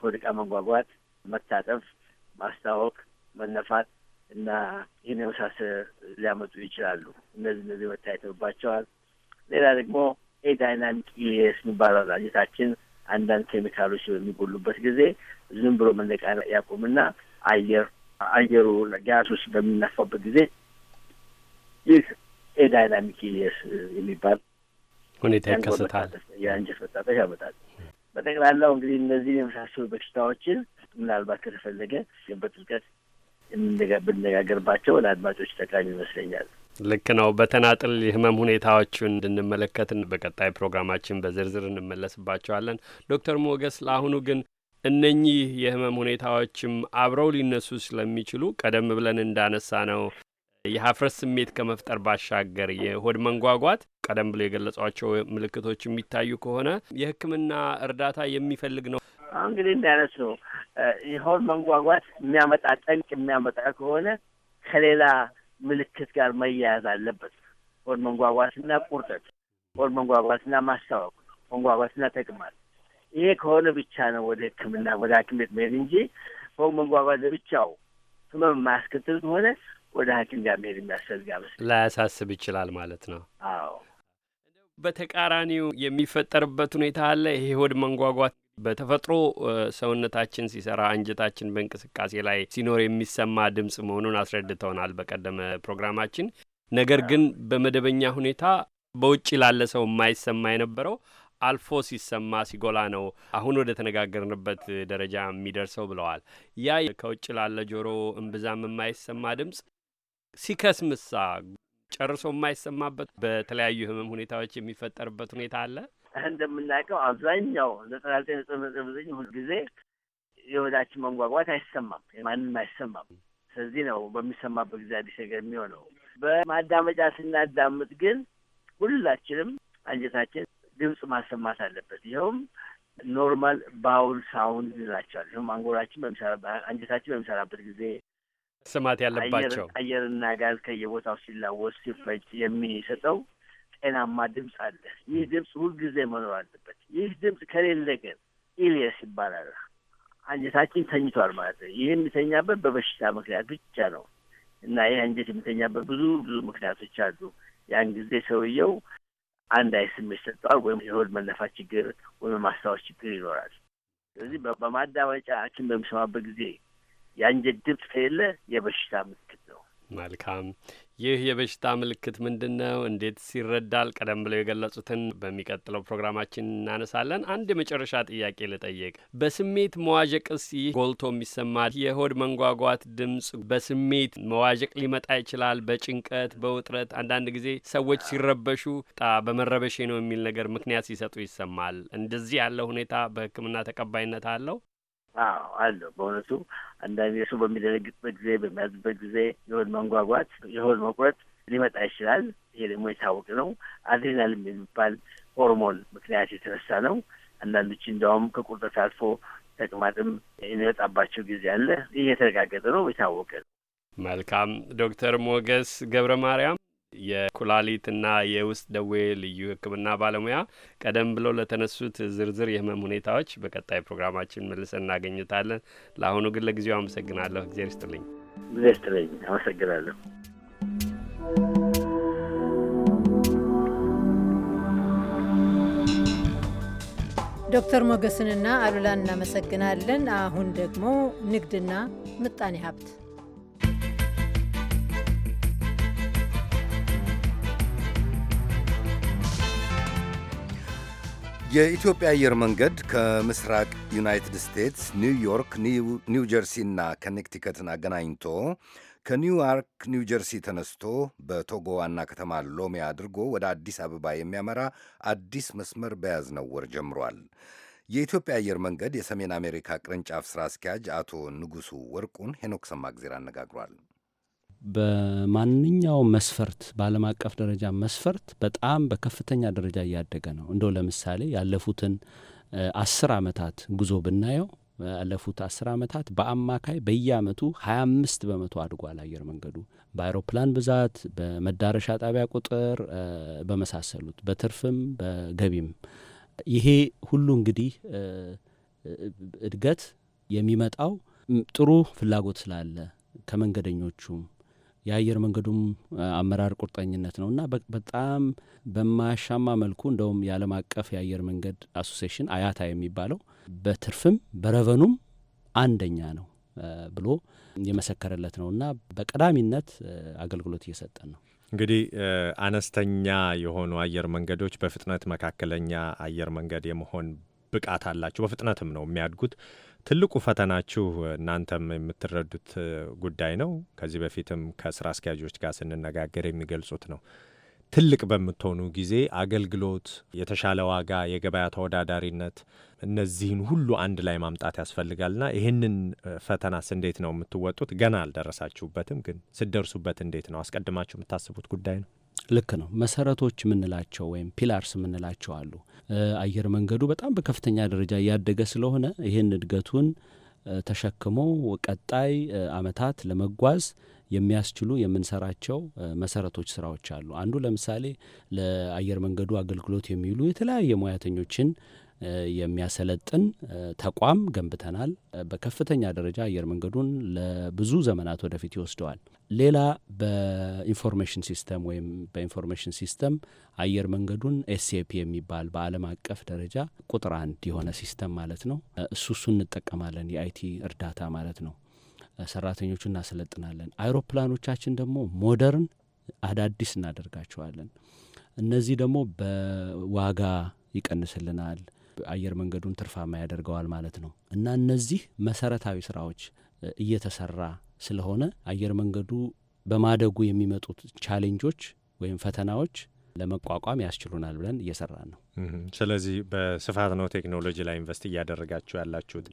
ሆድ ዕቃ መንጓጓት፣ መታጠፍ፣ ማስታወክ፣ መነፋት እና ይህን የመሳሰል ሊያመጡ ይችላሉ። እነዚህ እነዚህ መታየትባቸዋል። ሌላ ደግሞ ኤ ዳይናሚክ ዩኤስ የሚባለው አጀታችን አንዳንድ ኬሚካሎች በሚጎሉበት ጊዜ ዝም ብሎ መነቃ ያቆምና አየር አየሩ ጋያስ ውስጥ በሚነፋበት ጊዜ ይህ ኤ ዳይናሚክ ዩኤስ የሚባል ሁኔታ ይከሰታል። የአንጀት መታጠፍ ያመጣል። በጠቅላላው እንግዲህ እነዚህን የመሳሰሉ በሽታዎችን ምናልባት ከተፈለገ በጥልቀት ብነጋገርባቸው ለአድማጮች ጠቃሚ ይመስለኛል። ልክ ነው። በተናጥል የህመም ሁኔታዎቹን እንድንመለከት በቀጣይ ፕሮግራማችን በዝርዝር እንመለስባቸዋለን። ዶክተር ሞገስ ለአሁኑ ግን እነኚህ የህመም ሁኔታዎችም አብረው ሊነሱ ስለሚችሉ ቀደም ብለን እንዳነሳ ነው የሀፍረት ስሜት ከመፍጠር ባሻገር የሆድ መንጓጓት ቀደም ብሎ የገለጿቸው ምልክቶች የሚታዩ ከሆነ የሕክምና እርዳታ የሚፈልግ ነው። እንግዲህ እንዳይነት የሆድ መንጓጓት የሚያመጣ ጠንቅ የሚያመጣ ከሆነ ከሌላ ምልክት ጋር መያያዝ አለበት። ሆድ መንጓጓትና ቁርጠት፣ ሆድ መንጓጓትና ማስታወቅ፣ መንጓጓትና ተቅማጥ፣ ይሄ ከሆነ ብቻ ነው ወደ ሕክምና ወደ ሐኪም ቤት መሄድ እንጂ ሆድ መንጓጓት ብቻው ህመም የማያስከትል ከሆነ ወደ ሐኪም ጋር መሄድ የሚያስፈልግ ይመስል ላያሳስብ ይችላል ማለት ነው። አዎ በተቃራኒው የሚፈጠርበት ሁኔታ አለ። ይሄ ሆድ መንጓጓት በተፈጥሮ ሰውነታችን ሲሰራ አንጀታችን በእንቅስቃሴ ላይ ሲኖር የሚሰማ ድምፅ መሆኑን አስረድተውናል በቀደመ ፕሮግራማችን። ነገር ግን በመደበኛ ሁኔታ በውጭ ላለ ሰው የማይሰማ የነበረው አልፎ ሲሰማ ሲጎላ ነው አሁን ወደ ተነጋገርንበት ደረጃ የሚደርሰው ብለዋል። ያ ከውጭ ላለ ጆሮ እምብዛም የማይሰማ ድምፅ ሲከስምሳ ጨርሶ የማይሰማበት በተለያዩ ህመም ሁኔታዎች የሚፈጠርበት ሁኔታ አለ። እንደምናውቀው አብዛኛው ዘጠና ዘጠኝ ነጥብ ዘጠኝ ዘጠኝ ሁልጊዜ የሆዳችን መንጓጓት አይሰማም፣ ማንም አይሰማም። ስለዚህ ነው በሚሰማበት ጊዜ አዲስ ነገር የሚሆነው። በማዳመጫ ስናዳምጥ ግን ሁላችንም አንጀታችን ድምፅ ማሰማት አለበት። ይኸውም ኖርማል ባውል ሳውንድ ይላቸዋል። ይኸውም አንጎራችን በሚሰራ አንጀታችን በሚሰራበት ጊዜ ስማት ያለባቸው አየርና ጋዝ ከየቦታው ሲላወስ ሲፈጭ የሚሰጠው ጤናማ ድምፅ አለ። ይህ ድምፅ ሁልጊዜ መኖር አለበት። ይህ ድምፅ ከሌለ ግን ኢልየስ ይባላል። አንጀታችን ተኝቷል ማለት ነው። ይህ የሚተኛበት በበሽታ ምክንያት ብቻ ነው እና ይህ አንጀት የሚተኛበት ብዙ ብዙ ምክንያቶች አሉ። ያን ጊዜ ሰውየው አንድ አይ ስሜት ይሰጠዋል፣ ወይም የሆድ መነፋት ችግር ወይም ማስታወስ ችግር ይኖራል። ስለዚህ በማዳመጫ ሐኪም በሚሰማበት ጊዜ የአንጀት ድምፅ ከሌለ የበሽታ ምልክት ነው። መልካም። ይህ የበሽታ ምልክት ምንድን ነው? እንዴት ሲረዳል? ቀደም ብለው የገለጹትን በሚቀጥለው ፕሮግራማችን እናነሳለን። አንድ የመጨረሻ ጥያቄ ልጠየቅ። በስሜት መዋዠቅስ ይህ ጎልቶ የሚሰማ የሆድ መንጓጓት ድምፅ በስሜት መዋዠቅ ሊመጣ ይችላል። በጭንቀት በውጥረት፣ አንዳንድ ጊዜ ሰዎች ሲረበሹ ጣ በመረበሼ ነው የሚል ነገር ምክንያት ሲሰጡ ይሰማል። እንደዚህ ያለ ሁኔታ በሕክምና ተቀባይነት አለው? አዎ አለው። በእውነቱ አንዳንድ የሱ በሚደነግጥበት ጊዜ በሚያዝበት ጊዜ የሆድ መንጓጓት፣ የሆድ መቁረጥ ሊመጣ ይችላል። ይሄ ደግሞ የታወቀ ነው። አድሬናሊን የሚባል ሆርሞን ምክንያት የተነሳ ነው። አንዳንዶች እንዲያውም ከቁርጠት አልፎ ተቅማጥም የሚመጣባቸው ጊዜ አለ። ይህ የተረጋገጠ ነው፣ የታወቀ ነው። መልካም ዶክተር ሞገስ ገብረ ማርያም የኩላሊትና የውስጥ ደዌ ልዩ ሕክምና ባለሙያ ቀደም ብሎ ለተነሱት ዝርዝር የህመም ሁኔታዎች በቀጣይ ፕሮግራማችን መልሰን እናገኝታለን። ለአሁኑ ግን ለጊዜው አመሰግናለሁ። እግዜር ይስጥልኝ። እግዜር ይስጥልኝ። አመሰግናለሁ። ዶክተር ሞገስንና አሉላን እናመሰግናለን። አሁን ደግሞ ንግድና ምጣኔ ሀብት የኢትዮጵያ አየር መንገድ ከምስራቅ ዩናይትድ ስቴትስ ኒውዮርክ፣ ኒው ጀርሲ እና ከኔክቲከትን አገናኝቶ ከኒውዮርክ ኒው ጀርሲ ተነስቶ በቶጎ ዋና ከተማ ሎሜ አድርጎ ወደ አዲስ አበባ የሚያመራ አዲስ መስመር በያዝነው ወር ጀምሯል። የኢትዮጵያ አየር መንገድ የሰሜን አሜሪካ ቅርንጫፍ ሥራ አስኪያጅ አቶ ንጉሱ ወርቁን ሄኖክ ሰማግዜር አነጋግሯል። በማንኛውም መስፈርት በዓለም አቀፍ ደረጃ መስፈርት በጣም በከፍተኛ ደረጃ እያደገ ነው። እንደው ለምሳሌ ያለፉትን አስር ዓመታት ጉዞ ብናየው ያለፉት አስር ዓመታት በአማካይ በየአመቱ ሀያ አምስት በመቶ አድጓል አየር መንገዱ በአይሮፕላን ብዛት፣ በመዳረሻ ጣቢያ ቁጥር፣ በመሳሰሉት በትርፍም በገቢም። ይሄ ሁሉ እንግዲህ እድገት የሚመጣው ጥሩ ፍላጎት ስላለ ከመንገደኞቹም የአየር መንገዱም አመራር ቁርጠኝነት ነው እና በጣም በማያሻማ መልኩ እንደውም የዓለም አቀፍ የአየር መንገድ አሶሲሽን አያታ የሚባለው በትርፍም በረቨኑም አንደኛ ነው ብሎ የመሰከረለት ነው እና በቀዳሚነት አገልግሎት እየሰጠን ነው። እንግዲህ አነስተኛ የሆኑ አየር መንገዶች በፍጥነት መካከለኛ አየር መንገድ የመሆን ብቃት አላቸው። በፍጥነትም ነው የሚያድጉት። ትልቁ ፈተናችሁ እናንተም የምትረዱት ጉዳይ ነው። ከዚህ በፊትም ከስራ አስኪያጆች ጋር ስንነጋገር የሚገልጹት ነው። ትልቅ በምትሆኑ ጊዜ አገልግሎት፣ የተሻለ ዋጋ፣ የገበያ ተወዳዳሪነት እነዚህን ሁሉ አንድ ላይ ማምጣት ያስፈልጋልና ይህንን ፈተናስ እንዴት ነው የምትወጡት? ገና አልደረሳችሁበትም፣ ግን ስደርሱበት እንዴት ነው አስቀድማችሁ የምታስቡት ጉዳይ ነው? ልክ ነው። መሰረቶች የምንላቸው ወይም ፒላርስ የምንላቸው አሉ። አየር መንገዱ በጣም በከፍተኛ ደረጃ እያደገ ስለሆነ ይህን እድገቱን ተሸክሞ ቀጣይ አመታት ለመጓዝ የሚያስችሉ የምንሰራቸው መሰረቶች ስራዎች አሉ። አንዱ ለምሳሌ ለአየር መንገዱ አገልግሎት የሚውሉ የተለያየ ሙያተኞችን የሚያሰለጥን ተቋም ገንብተናል። በከፍተኛ ደረጃ አየር መንገዱን ለብዙ ዘመናት ወደፊት ይወስደዋል። ሌላ በኢንፎርሜሽን ሲስተም ወይም በኢንፎርሜሽን ሲስተም አየር መንገዱን ኤስኤፒ የሚባል በዓለም አቀፍ ደረጃ ቁጥር አንድ የሆነ ሲስተም ማለት ነው። እሱ እሱ እንጠቀማለን የአይቲ እርዳታ ማለት ነው። ሰራተኞቹ እናሰለጥናለን። አይሮፕላኖቻችን ደግሞ ሞደርን አዳዲስ እናደርጋቸዋለን። እነዚህ ደግሞ በዋጋ ይቀንስልናል። አየር መንገዱን ትርፋማ ያደርገዋል ማለት ነው እና እነዚህ መሰረታዊ ስራዎች እየተሰራ ስለሆነ አየር መንገዱ በማደጉ የሚመጡት ቻሌንጆች ወይም ፈተናዎች ለመቋቋም ያስችሉናል ብለን እየሰራን ነው። ስለዚህ በስፋት ነው ቴክኖሎጂ ላይ ኢንቨስት እያደረጋችሁ ያላችሁት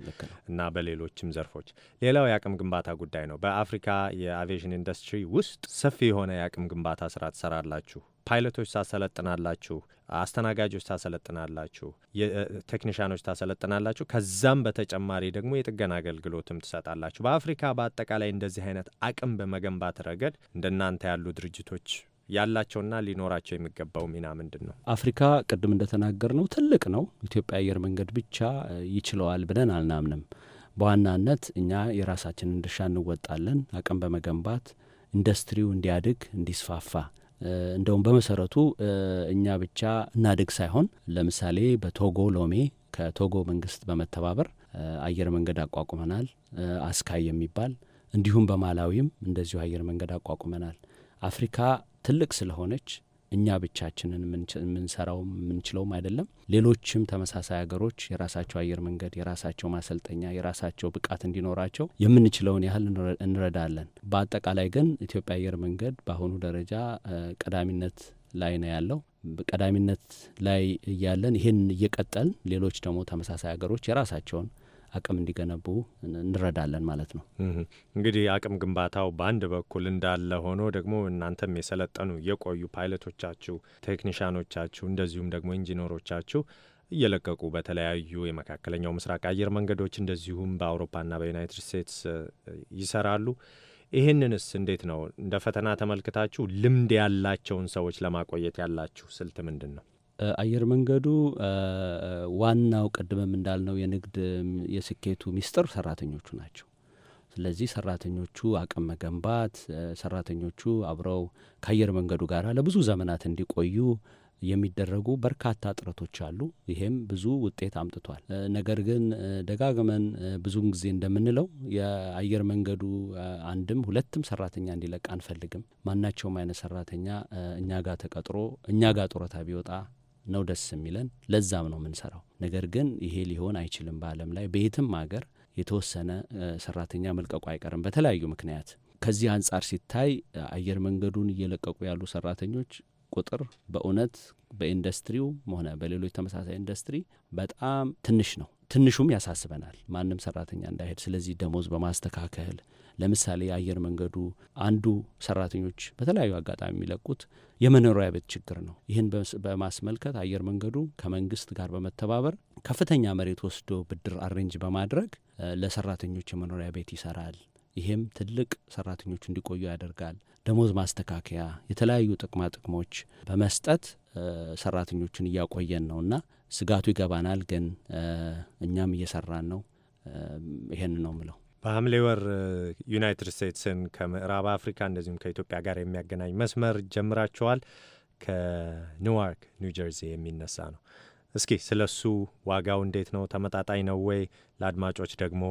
እና በሌሎችም ዘርፎች። ሌላው የአቅም ግንባታ ጉዳይ ነው። በአፍሪካ የአቪዬሽን ኢንዱስትሪ ውስጥ ሰፊ የሆነ የአቅም ግንባታ ስራ ትሰራላችሁ። ፓይለቶች ታሰለጥናላችሁ፣ አስተናጋጆች ታሰለጥናላችሁ፣ ቴክኒሽያኖች ታሰለጥናላችሁ። ከዛም በተጨማሪ ደግሞ የጥገና አገልግሎትም ትሰጣላችሁ። በአፍሪካ በአጠቃላይ እንደዚህ አይነት አቅም በመገንባት ረገድ እንደናንተ ያሉ ድርጅቶች ያላቸውና ሊኖራቸው የሚገባው ሚና ምንድን ነው? አፍሪካ ቅድም እንደተናገር ነው ትልቅ ነው። ኢትዮጵያ አየር መንገድ ብቻ ይችለዋል ብለን አልናምንም። በዋናነት እኛ የራሳችንን ድርሻ እንወጣለን። አቅም በመገንባት ኢንዱስትሪው እንዲያድግ እንዲስፋፋ እንደውም በመሰረቱ እኛ ብቻ እናድግ ሳይሆን ለምሳሌ በቶጎ ሎሜ ከቶጎ መንግስት በመተባበር አየር መንገድ አቋቁመናል፣ አስካይ የሚባል እንዲሁም በማላዊም እንደዚሁ አየር መንገድ አቋቁመናል። አፍሪካ ትልቅ ስለሆነች እኛ ብቻችንን የምንሰራው የምንችለውም አይደለም። ሌሎችም ተመሳሳይ ሀገሮች የራሳቸው አየር መንገድ፣ የራሳቸው ማሰልጠኛ፣ የራሳቸው ብቃት እንዲኖራቸው የምንችለውን ያህል እንረዳለን። በአጠቃላይ ግን ኢትዮጵያ አየር መንገድ በአሁኑ ደረጃ ቀዳሚነት ላይ ነው ያለው። ቀዳሚነት ላይ እያለን ይህን እየቀጠል ሌሎች ደግሞ ተመሳሳይ ሀገሮች የራሳቸውን አቅም እንዲገነቡ እንረዳለን ማለት ነው። እንግዲህ አቅም ግንባታው በአንድ በኩል እንዳለ ሆኖ ደግሞ እናንተም የሰለጠኑ የቆዩ ፓይለቶቻችሁ፣ ቴክኒሻኖቻችሁ እንደዚሁም ደግሞ ኢንጂነሮቻችሁ እየለቀቁ በተለያዩ የመካከለኛው ምስራቅ አየር መንገዶች እንደዚሁም በአውሮፓና በዩናይትድ ስቴትስ ይሰራሉ። ይህንንስ እንዴት ነው እንደ ፈተና ተመልክታችሁ ልምድ ያላቸውን ሰዎች ለማቆየት ያላችሁ ስልት ምንድን ነው? አየር መንገዱ ዋናው ቅድምም እንዳልነው የንግድ የስኬቱ ሚስጥር ሰራተኞቹ ናቸው። ስለዚህ ሰራተኞቹ አቅም መገንባት፣ ሰራተኞቹ አብረው ከአየር መንገዱ ጋር ለብዙ ዘመናት እንዲቆዩ የሚደረጉ በርካታ ጥረቶች አሉ። ይሄም ብዙ ውጤት አምጥቷል። ነገር ግን ደጋግመን ብዙውን ጊዜ እንደምንለው የአየር መንገዱ አንድም ሁለትም ሰራተኛ እንዲለቅ አንፈልግም። ማናቸውም አይነት ሰራተኛ እኛ ጋር ተቀጥሮ እኛ ጋር ጡረታ ቢወጣ ነው ደስ የሚለን። ለዛም ነው የምንሰራው። ነገር ግን ይሄ ሊሆን አይችልም። በዓለም ላይ በየትም ሀገር የተወሰነ ሰራተኛ መልቀቁ አይቀርም በተለያዩ ምክንያት። ከዚህ አንጻር ሲታይ አየር መንገዱን እየለቀቁ ያሉ ሰራተኞች ቁጥር በእውነት በኢንዱስትሪውም ሆነ በሌሎች ተመሳሳይ ኢንዱስትሪ በጣም ትንሽ ነው። ትንሹም ያሳስበናል፣ ማንም ሰራተኛ እንዳይሄድ። ስለዚህ ደሞዝ በማስተካከል ለምሳሌ የአየር መንገዱ አንዱ ሰራተኞች በተለያዩ አጋጣሚ የሚለቁት የመኖሪያ ቤት ችግር ነው። ይህን በማስመልከት አየር መንገዱ ከመንግስት ጋር በመተባበር ከፍተኛ መሬት ወስዶ ብድር አሬንጅ በማድረግ ለሰራተኞች የመኖሪያ ቤት ይሰራል። ይህም ትልቅ ሰራተኞቹ እንዲቆዩ ያደርጋል። ደሞዝ ማስተካከያ፣ የተለያዩ ጥቅማ ጥቅሞች በመስጠት ሰራተኞቹን እያቆየን እና ስጋቱ ይገባናል፣ ግን እኛም እየሰራን ነው። ይሄን ነው ምለው። በሐምሌ ወር ዩናይትድ ስቴትስን ከምዕራብ አፍሪካ እንደዚሁም ከኢትዮጵያ ጋር የሚያገናኝ መስመር ጀምራችኋል። ከኒዋርክ ኒው ጀርዚ የሚነሳ ነው። እስኪ ስለሱ ዋጋው እንዴት ነው? ተመጣጣኝ ነው ወይ? ለአድማጮች ደግሞ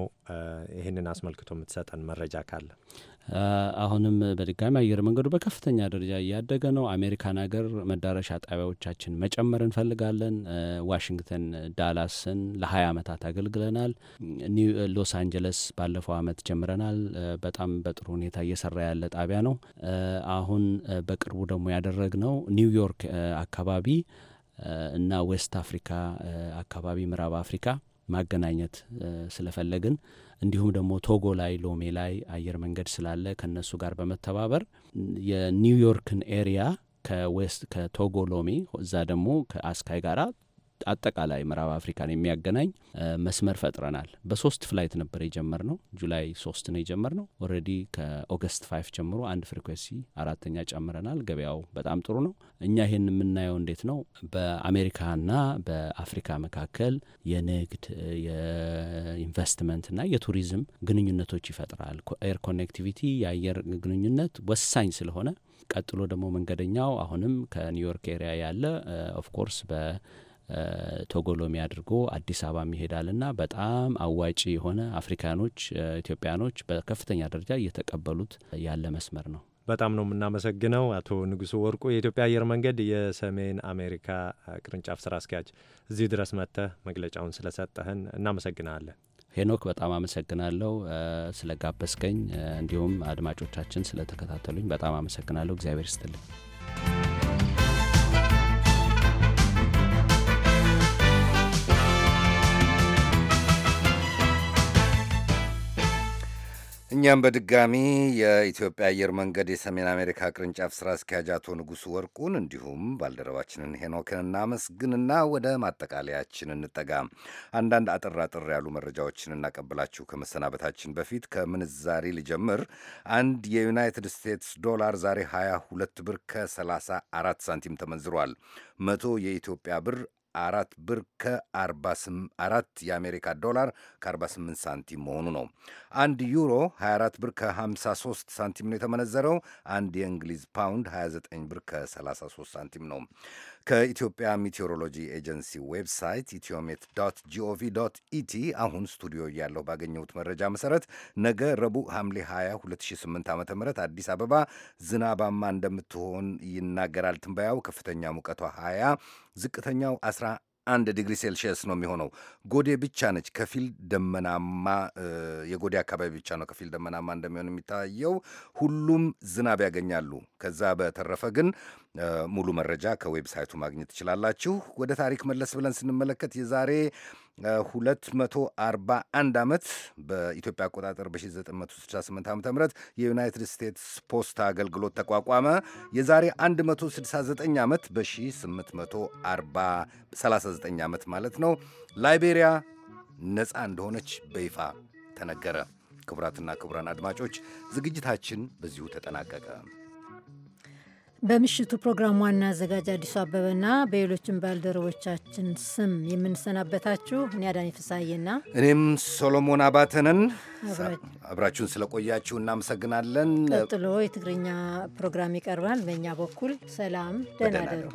ይህንን አስመልክቶ የምትሰጠን መረጃ ካለ። አሁንም በድጋሚ አየር መንገዱ በከፍተኛ ደረጃ እያደገ ነው። አሜሪካን ሀገር መዳረሻ ጣቢያዎቻችን መጨመር እንፈልጋለን። ዋሽንግተን ዳላስን ለሀያ ዓመታት አገልግለናል። ሎስ አንጀለስ ባለፈው ዓመት ጀምረናል። በጣም በጥሩ ሁኔታ እየሰራ ያለ ጣቢያ ነው። አሁን በቅርቡ ደግሞ ያደረግነው ኒውዮርክ አካባቢ እና ዌስት አፍሪካ አካባቢ ምዕራብ አፍሪካ ማገናኘት ስለፈለግን እንዲሁም ደግሞ ቶጎ ላይ ሎሜ ላይ አየር መንገድ ስላለ ከእነሱ ጋር በመተባበር የኒውዮርክን ኤሪያ ከዌስት ከቶጎ ሎሜ እዛ ደግሞ ከአስካይ ጋራ አጠቃላይ ምዕራብ አፍሪካን የሚያገናኝ መስመር ፈጥረናል። በሶስት ፍላይት ነበር የጀመርነው። ጁላይ ሶስት ነው የጀመርነው። ኦልሬዲ ከኦገስት ፋይፍ ጀምሮ አንድ ፍሪኩዌንሲ አራተኛ ጨምረናል። ገበያው በጣም ጥሩ ነው። እኛ ይህን የምናየው እንዴት ነው? በአሜሪካና በአፍሪካ መካከል የንግድ የኢንቨስትመንትና የቱሪዝም ግንኙነቶች ይፈጥራል። ኤር ኮኔክቲቪቲ የአየር ግንኙነት ወሳኝ ስለሆነ ቀጥሎ ደግሞ መንገደኛው አሁንም ከኒውዮርክ ኤሪያ ያለ ኦፍኮርስ በ ቶጎሎሚ አድርጎ አዲስ አበባ ይሄዳል በጣም አዋጪ የሆነ አፍሪካኖች፣ ኢትዮጵያኖች በከፍተኛ ደረጃ እየተቀበሉት ያለ መስመር ነው። በጣም ነው የምናመሰግነው አቶ ንጉሱ ወርቁ፣ የኢትዮጵያ አየር መንገድ የሰሜን አሜሪካ ቅርንጫፍ ስራ አስኪያጅ። እዚህ ድረስ መጥተህ መግለጫውን ስለሰጠህን እናመሰግናለን። ሄኖክ በጣም አመሰግናለሁ ስለ እንዲሁም አድማጮቻችን ስለተከታተሉኝ በጣም አመሰግናለሁ። እግዚአብሔር ይስጥልኝ። እኛም በድጋሚ የኢትዮጵያ አየር መንገድ የሰሜን አሜሪካ ቅርንጫፍ ስራ አስኪያጅ አቶ ንጉሱ ወርቁን እንዲሁም ባልደረባችንን ሄኖክን እናመስግንና ወደ ማጠቃለያችን እንጠጋ። አንዳንድ አጠር አጠር ያሉ መረጃዎችን እናቀብላችሁ። ከመሰናበታችን በፊት ከምንዛሪ ልጀምር። አንድ የዩናይትድ ስቴትስ ዶላር ዛሬ 22 ብር ከ34 ሳንቲም ተመንዝሯል። መቶ የኢትዮጵያ ብር አራት ብር ከአራት የአሜሪካ ዶላር ከ48 ሳንቲም መሆኑ ነው። አንድ ዩሮ 24 ብር ከ53 ሳንቲም ነው የተመነዘረው። አንድ የእንግሊዝ ፓውንድ 29 ብር ከ33 ሳንቲም ነው። ከኢትዮጵያ ሚቴዎሮሎጂ ኤጀንሲ ዌብሳይት ኢትዮሜት ዶት ጂኦቪ ዶት ኢቲ አሁን ስቱዲዮ እያለሁ ባገኘሁት መረጃ መሰረት ነገ ረቡዕ ሐምሌ 20 2008 ዓ ም አዲስ አበባ ዝናባማ እንደምትሆን ይናገራል ትንበያው። ከፍተኛ ሙቀቷ 20፣ ዝቅተኛው አንድ ዲግሪ ሴልሺየስ ነው የሚሆነው። ጎዴ ብቻ ነች ከፊል ደመናማ፣ የጎዴ አካባቢ ብቻ ነው ከፊል ደመናማ እንደሚሆን የሚታየው። ሁሉም ዝናብ ያገኛሉ። ከዛ በተረፈ ግን ሙሉ መረጃ ከዌብሳይቱ ማግኘት ትችላላችሁ። ወደ ታሪክ መለስ ብለን ስንመለከት የዛሬ 241 ዓመት በኢትዮጵያ አቆጣጠር በ1968 ዓ ም የዩናይትድ ስቴትስ ፖስታ አገልግሎት ተቋቋመ። የዛሬ 169 ዓመት በ1839 ዓመት ማለት ነው ላይቤሪያ ነፃ እንደሆነች በይፋ ተነገረ። ክቡራትና ክቡራን አድማጮች ዝግጅታችን በዚሁ ተጠናቀቀ። በምሽቱ ፕሮግራም ዋና አዘጋጅ አዲሱ አበበና በሌሎችም ባልደረቦቻችን ስም የምንሰናበታችሁ እኔ አዳኒ ፍሳዬና እኔም ሶሎሞን አባተንን አብራችሁን ስለቆያችሁ እናመሰግናለን። ቀጥሎ የትግርኛ ፕሮግራም ይቀርባል። በእኛ በኩል ሰላም፣ ደህና ደሩ።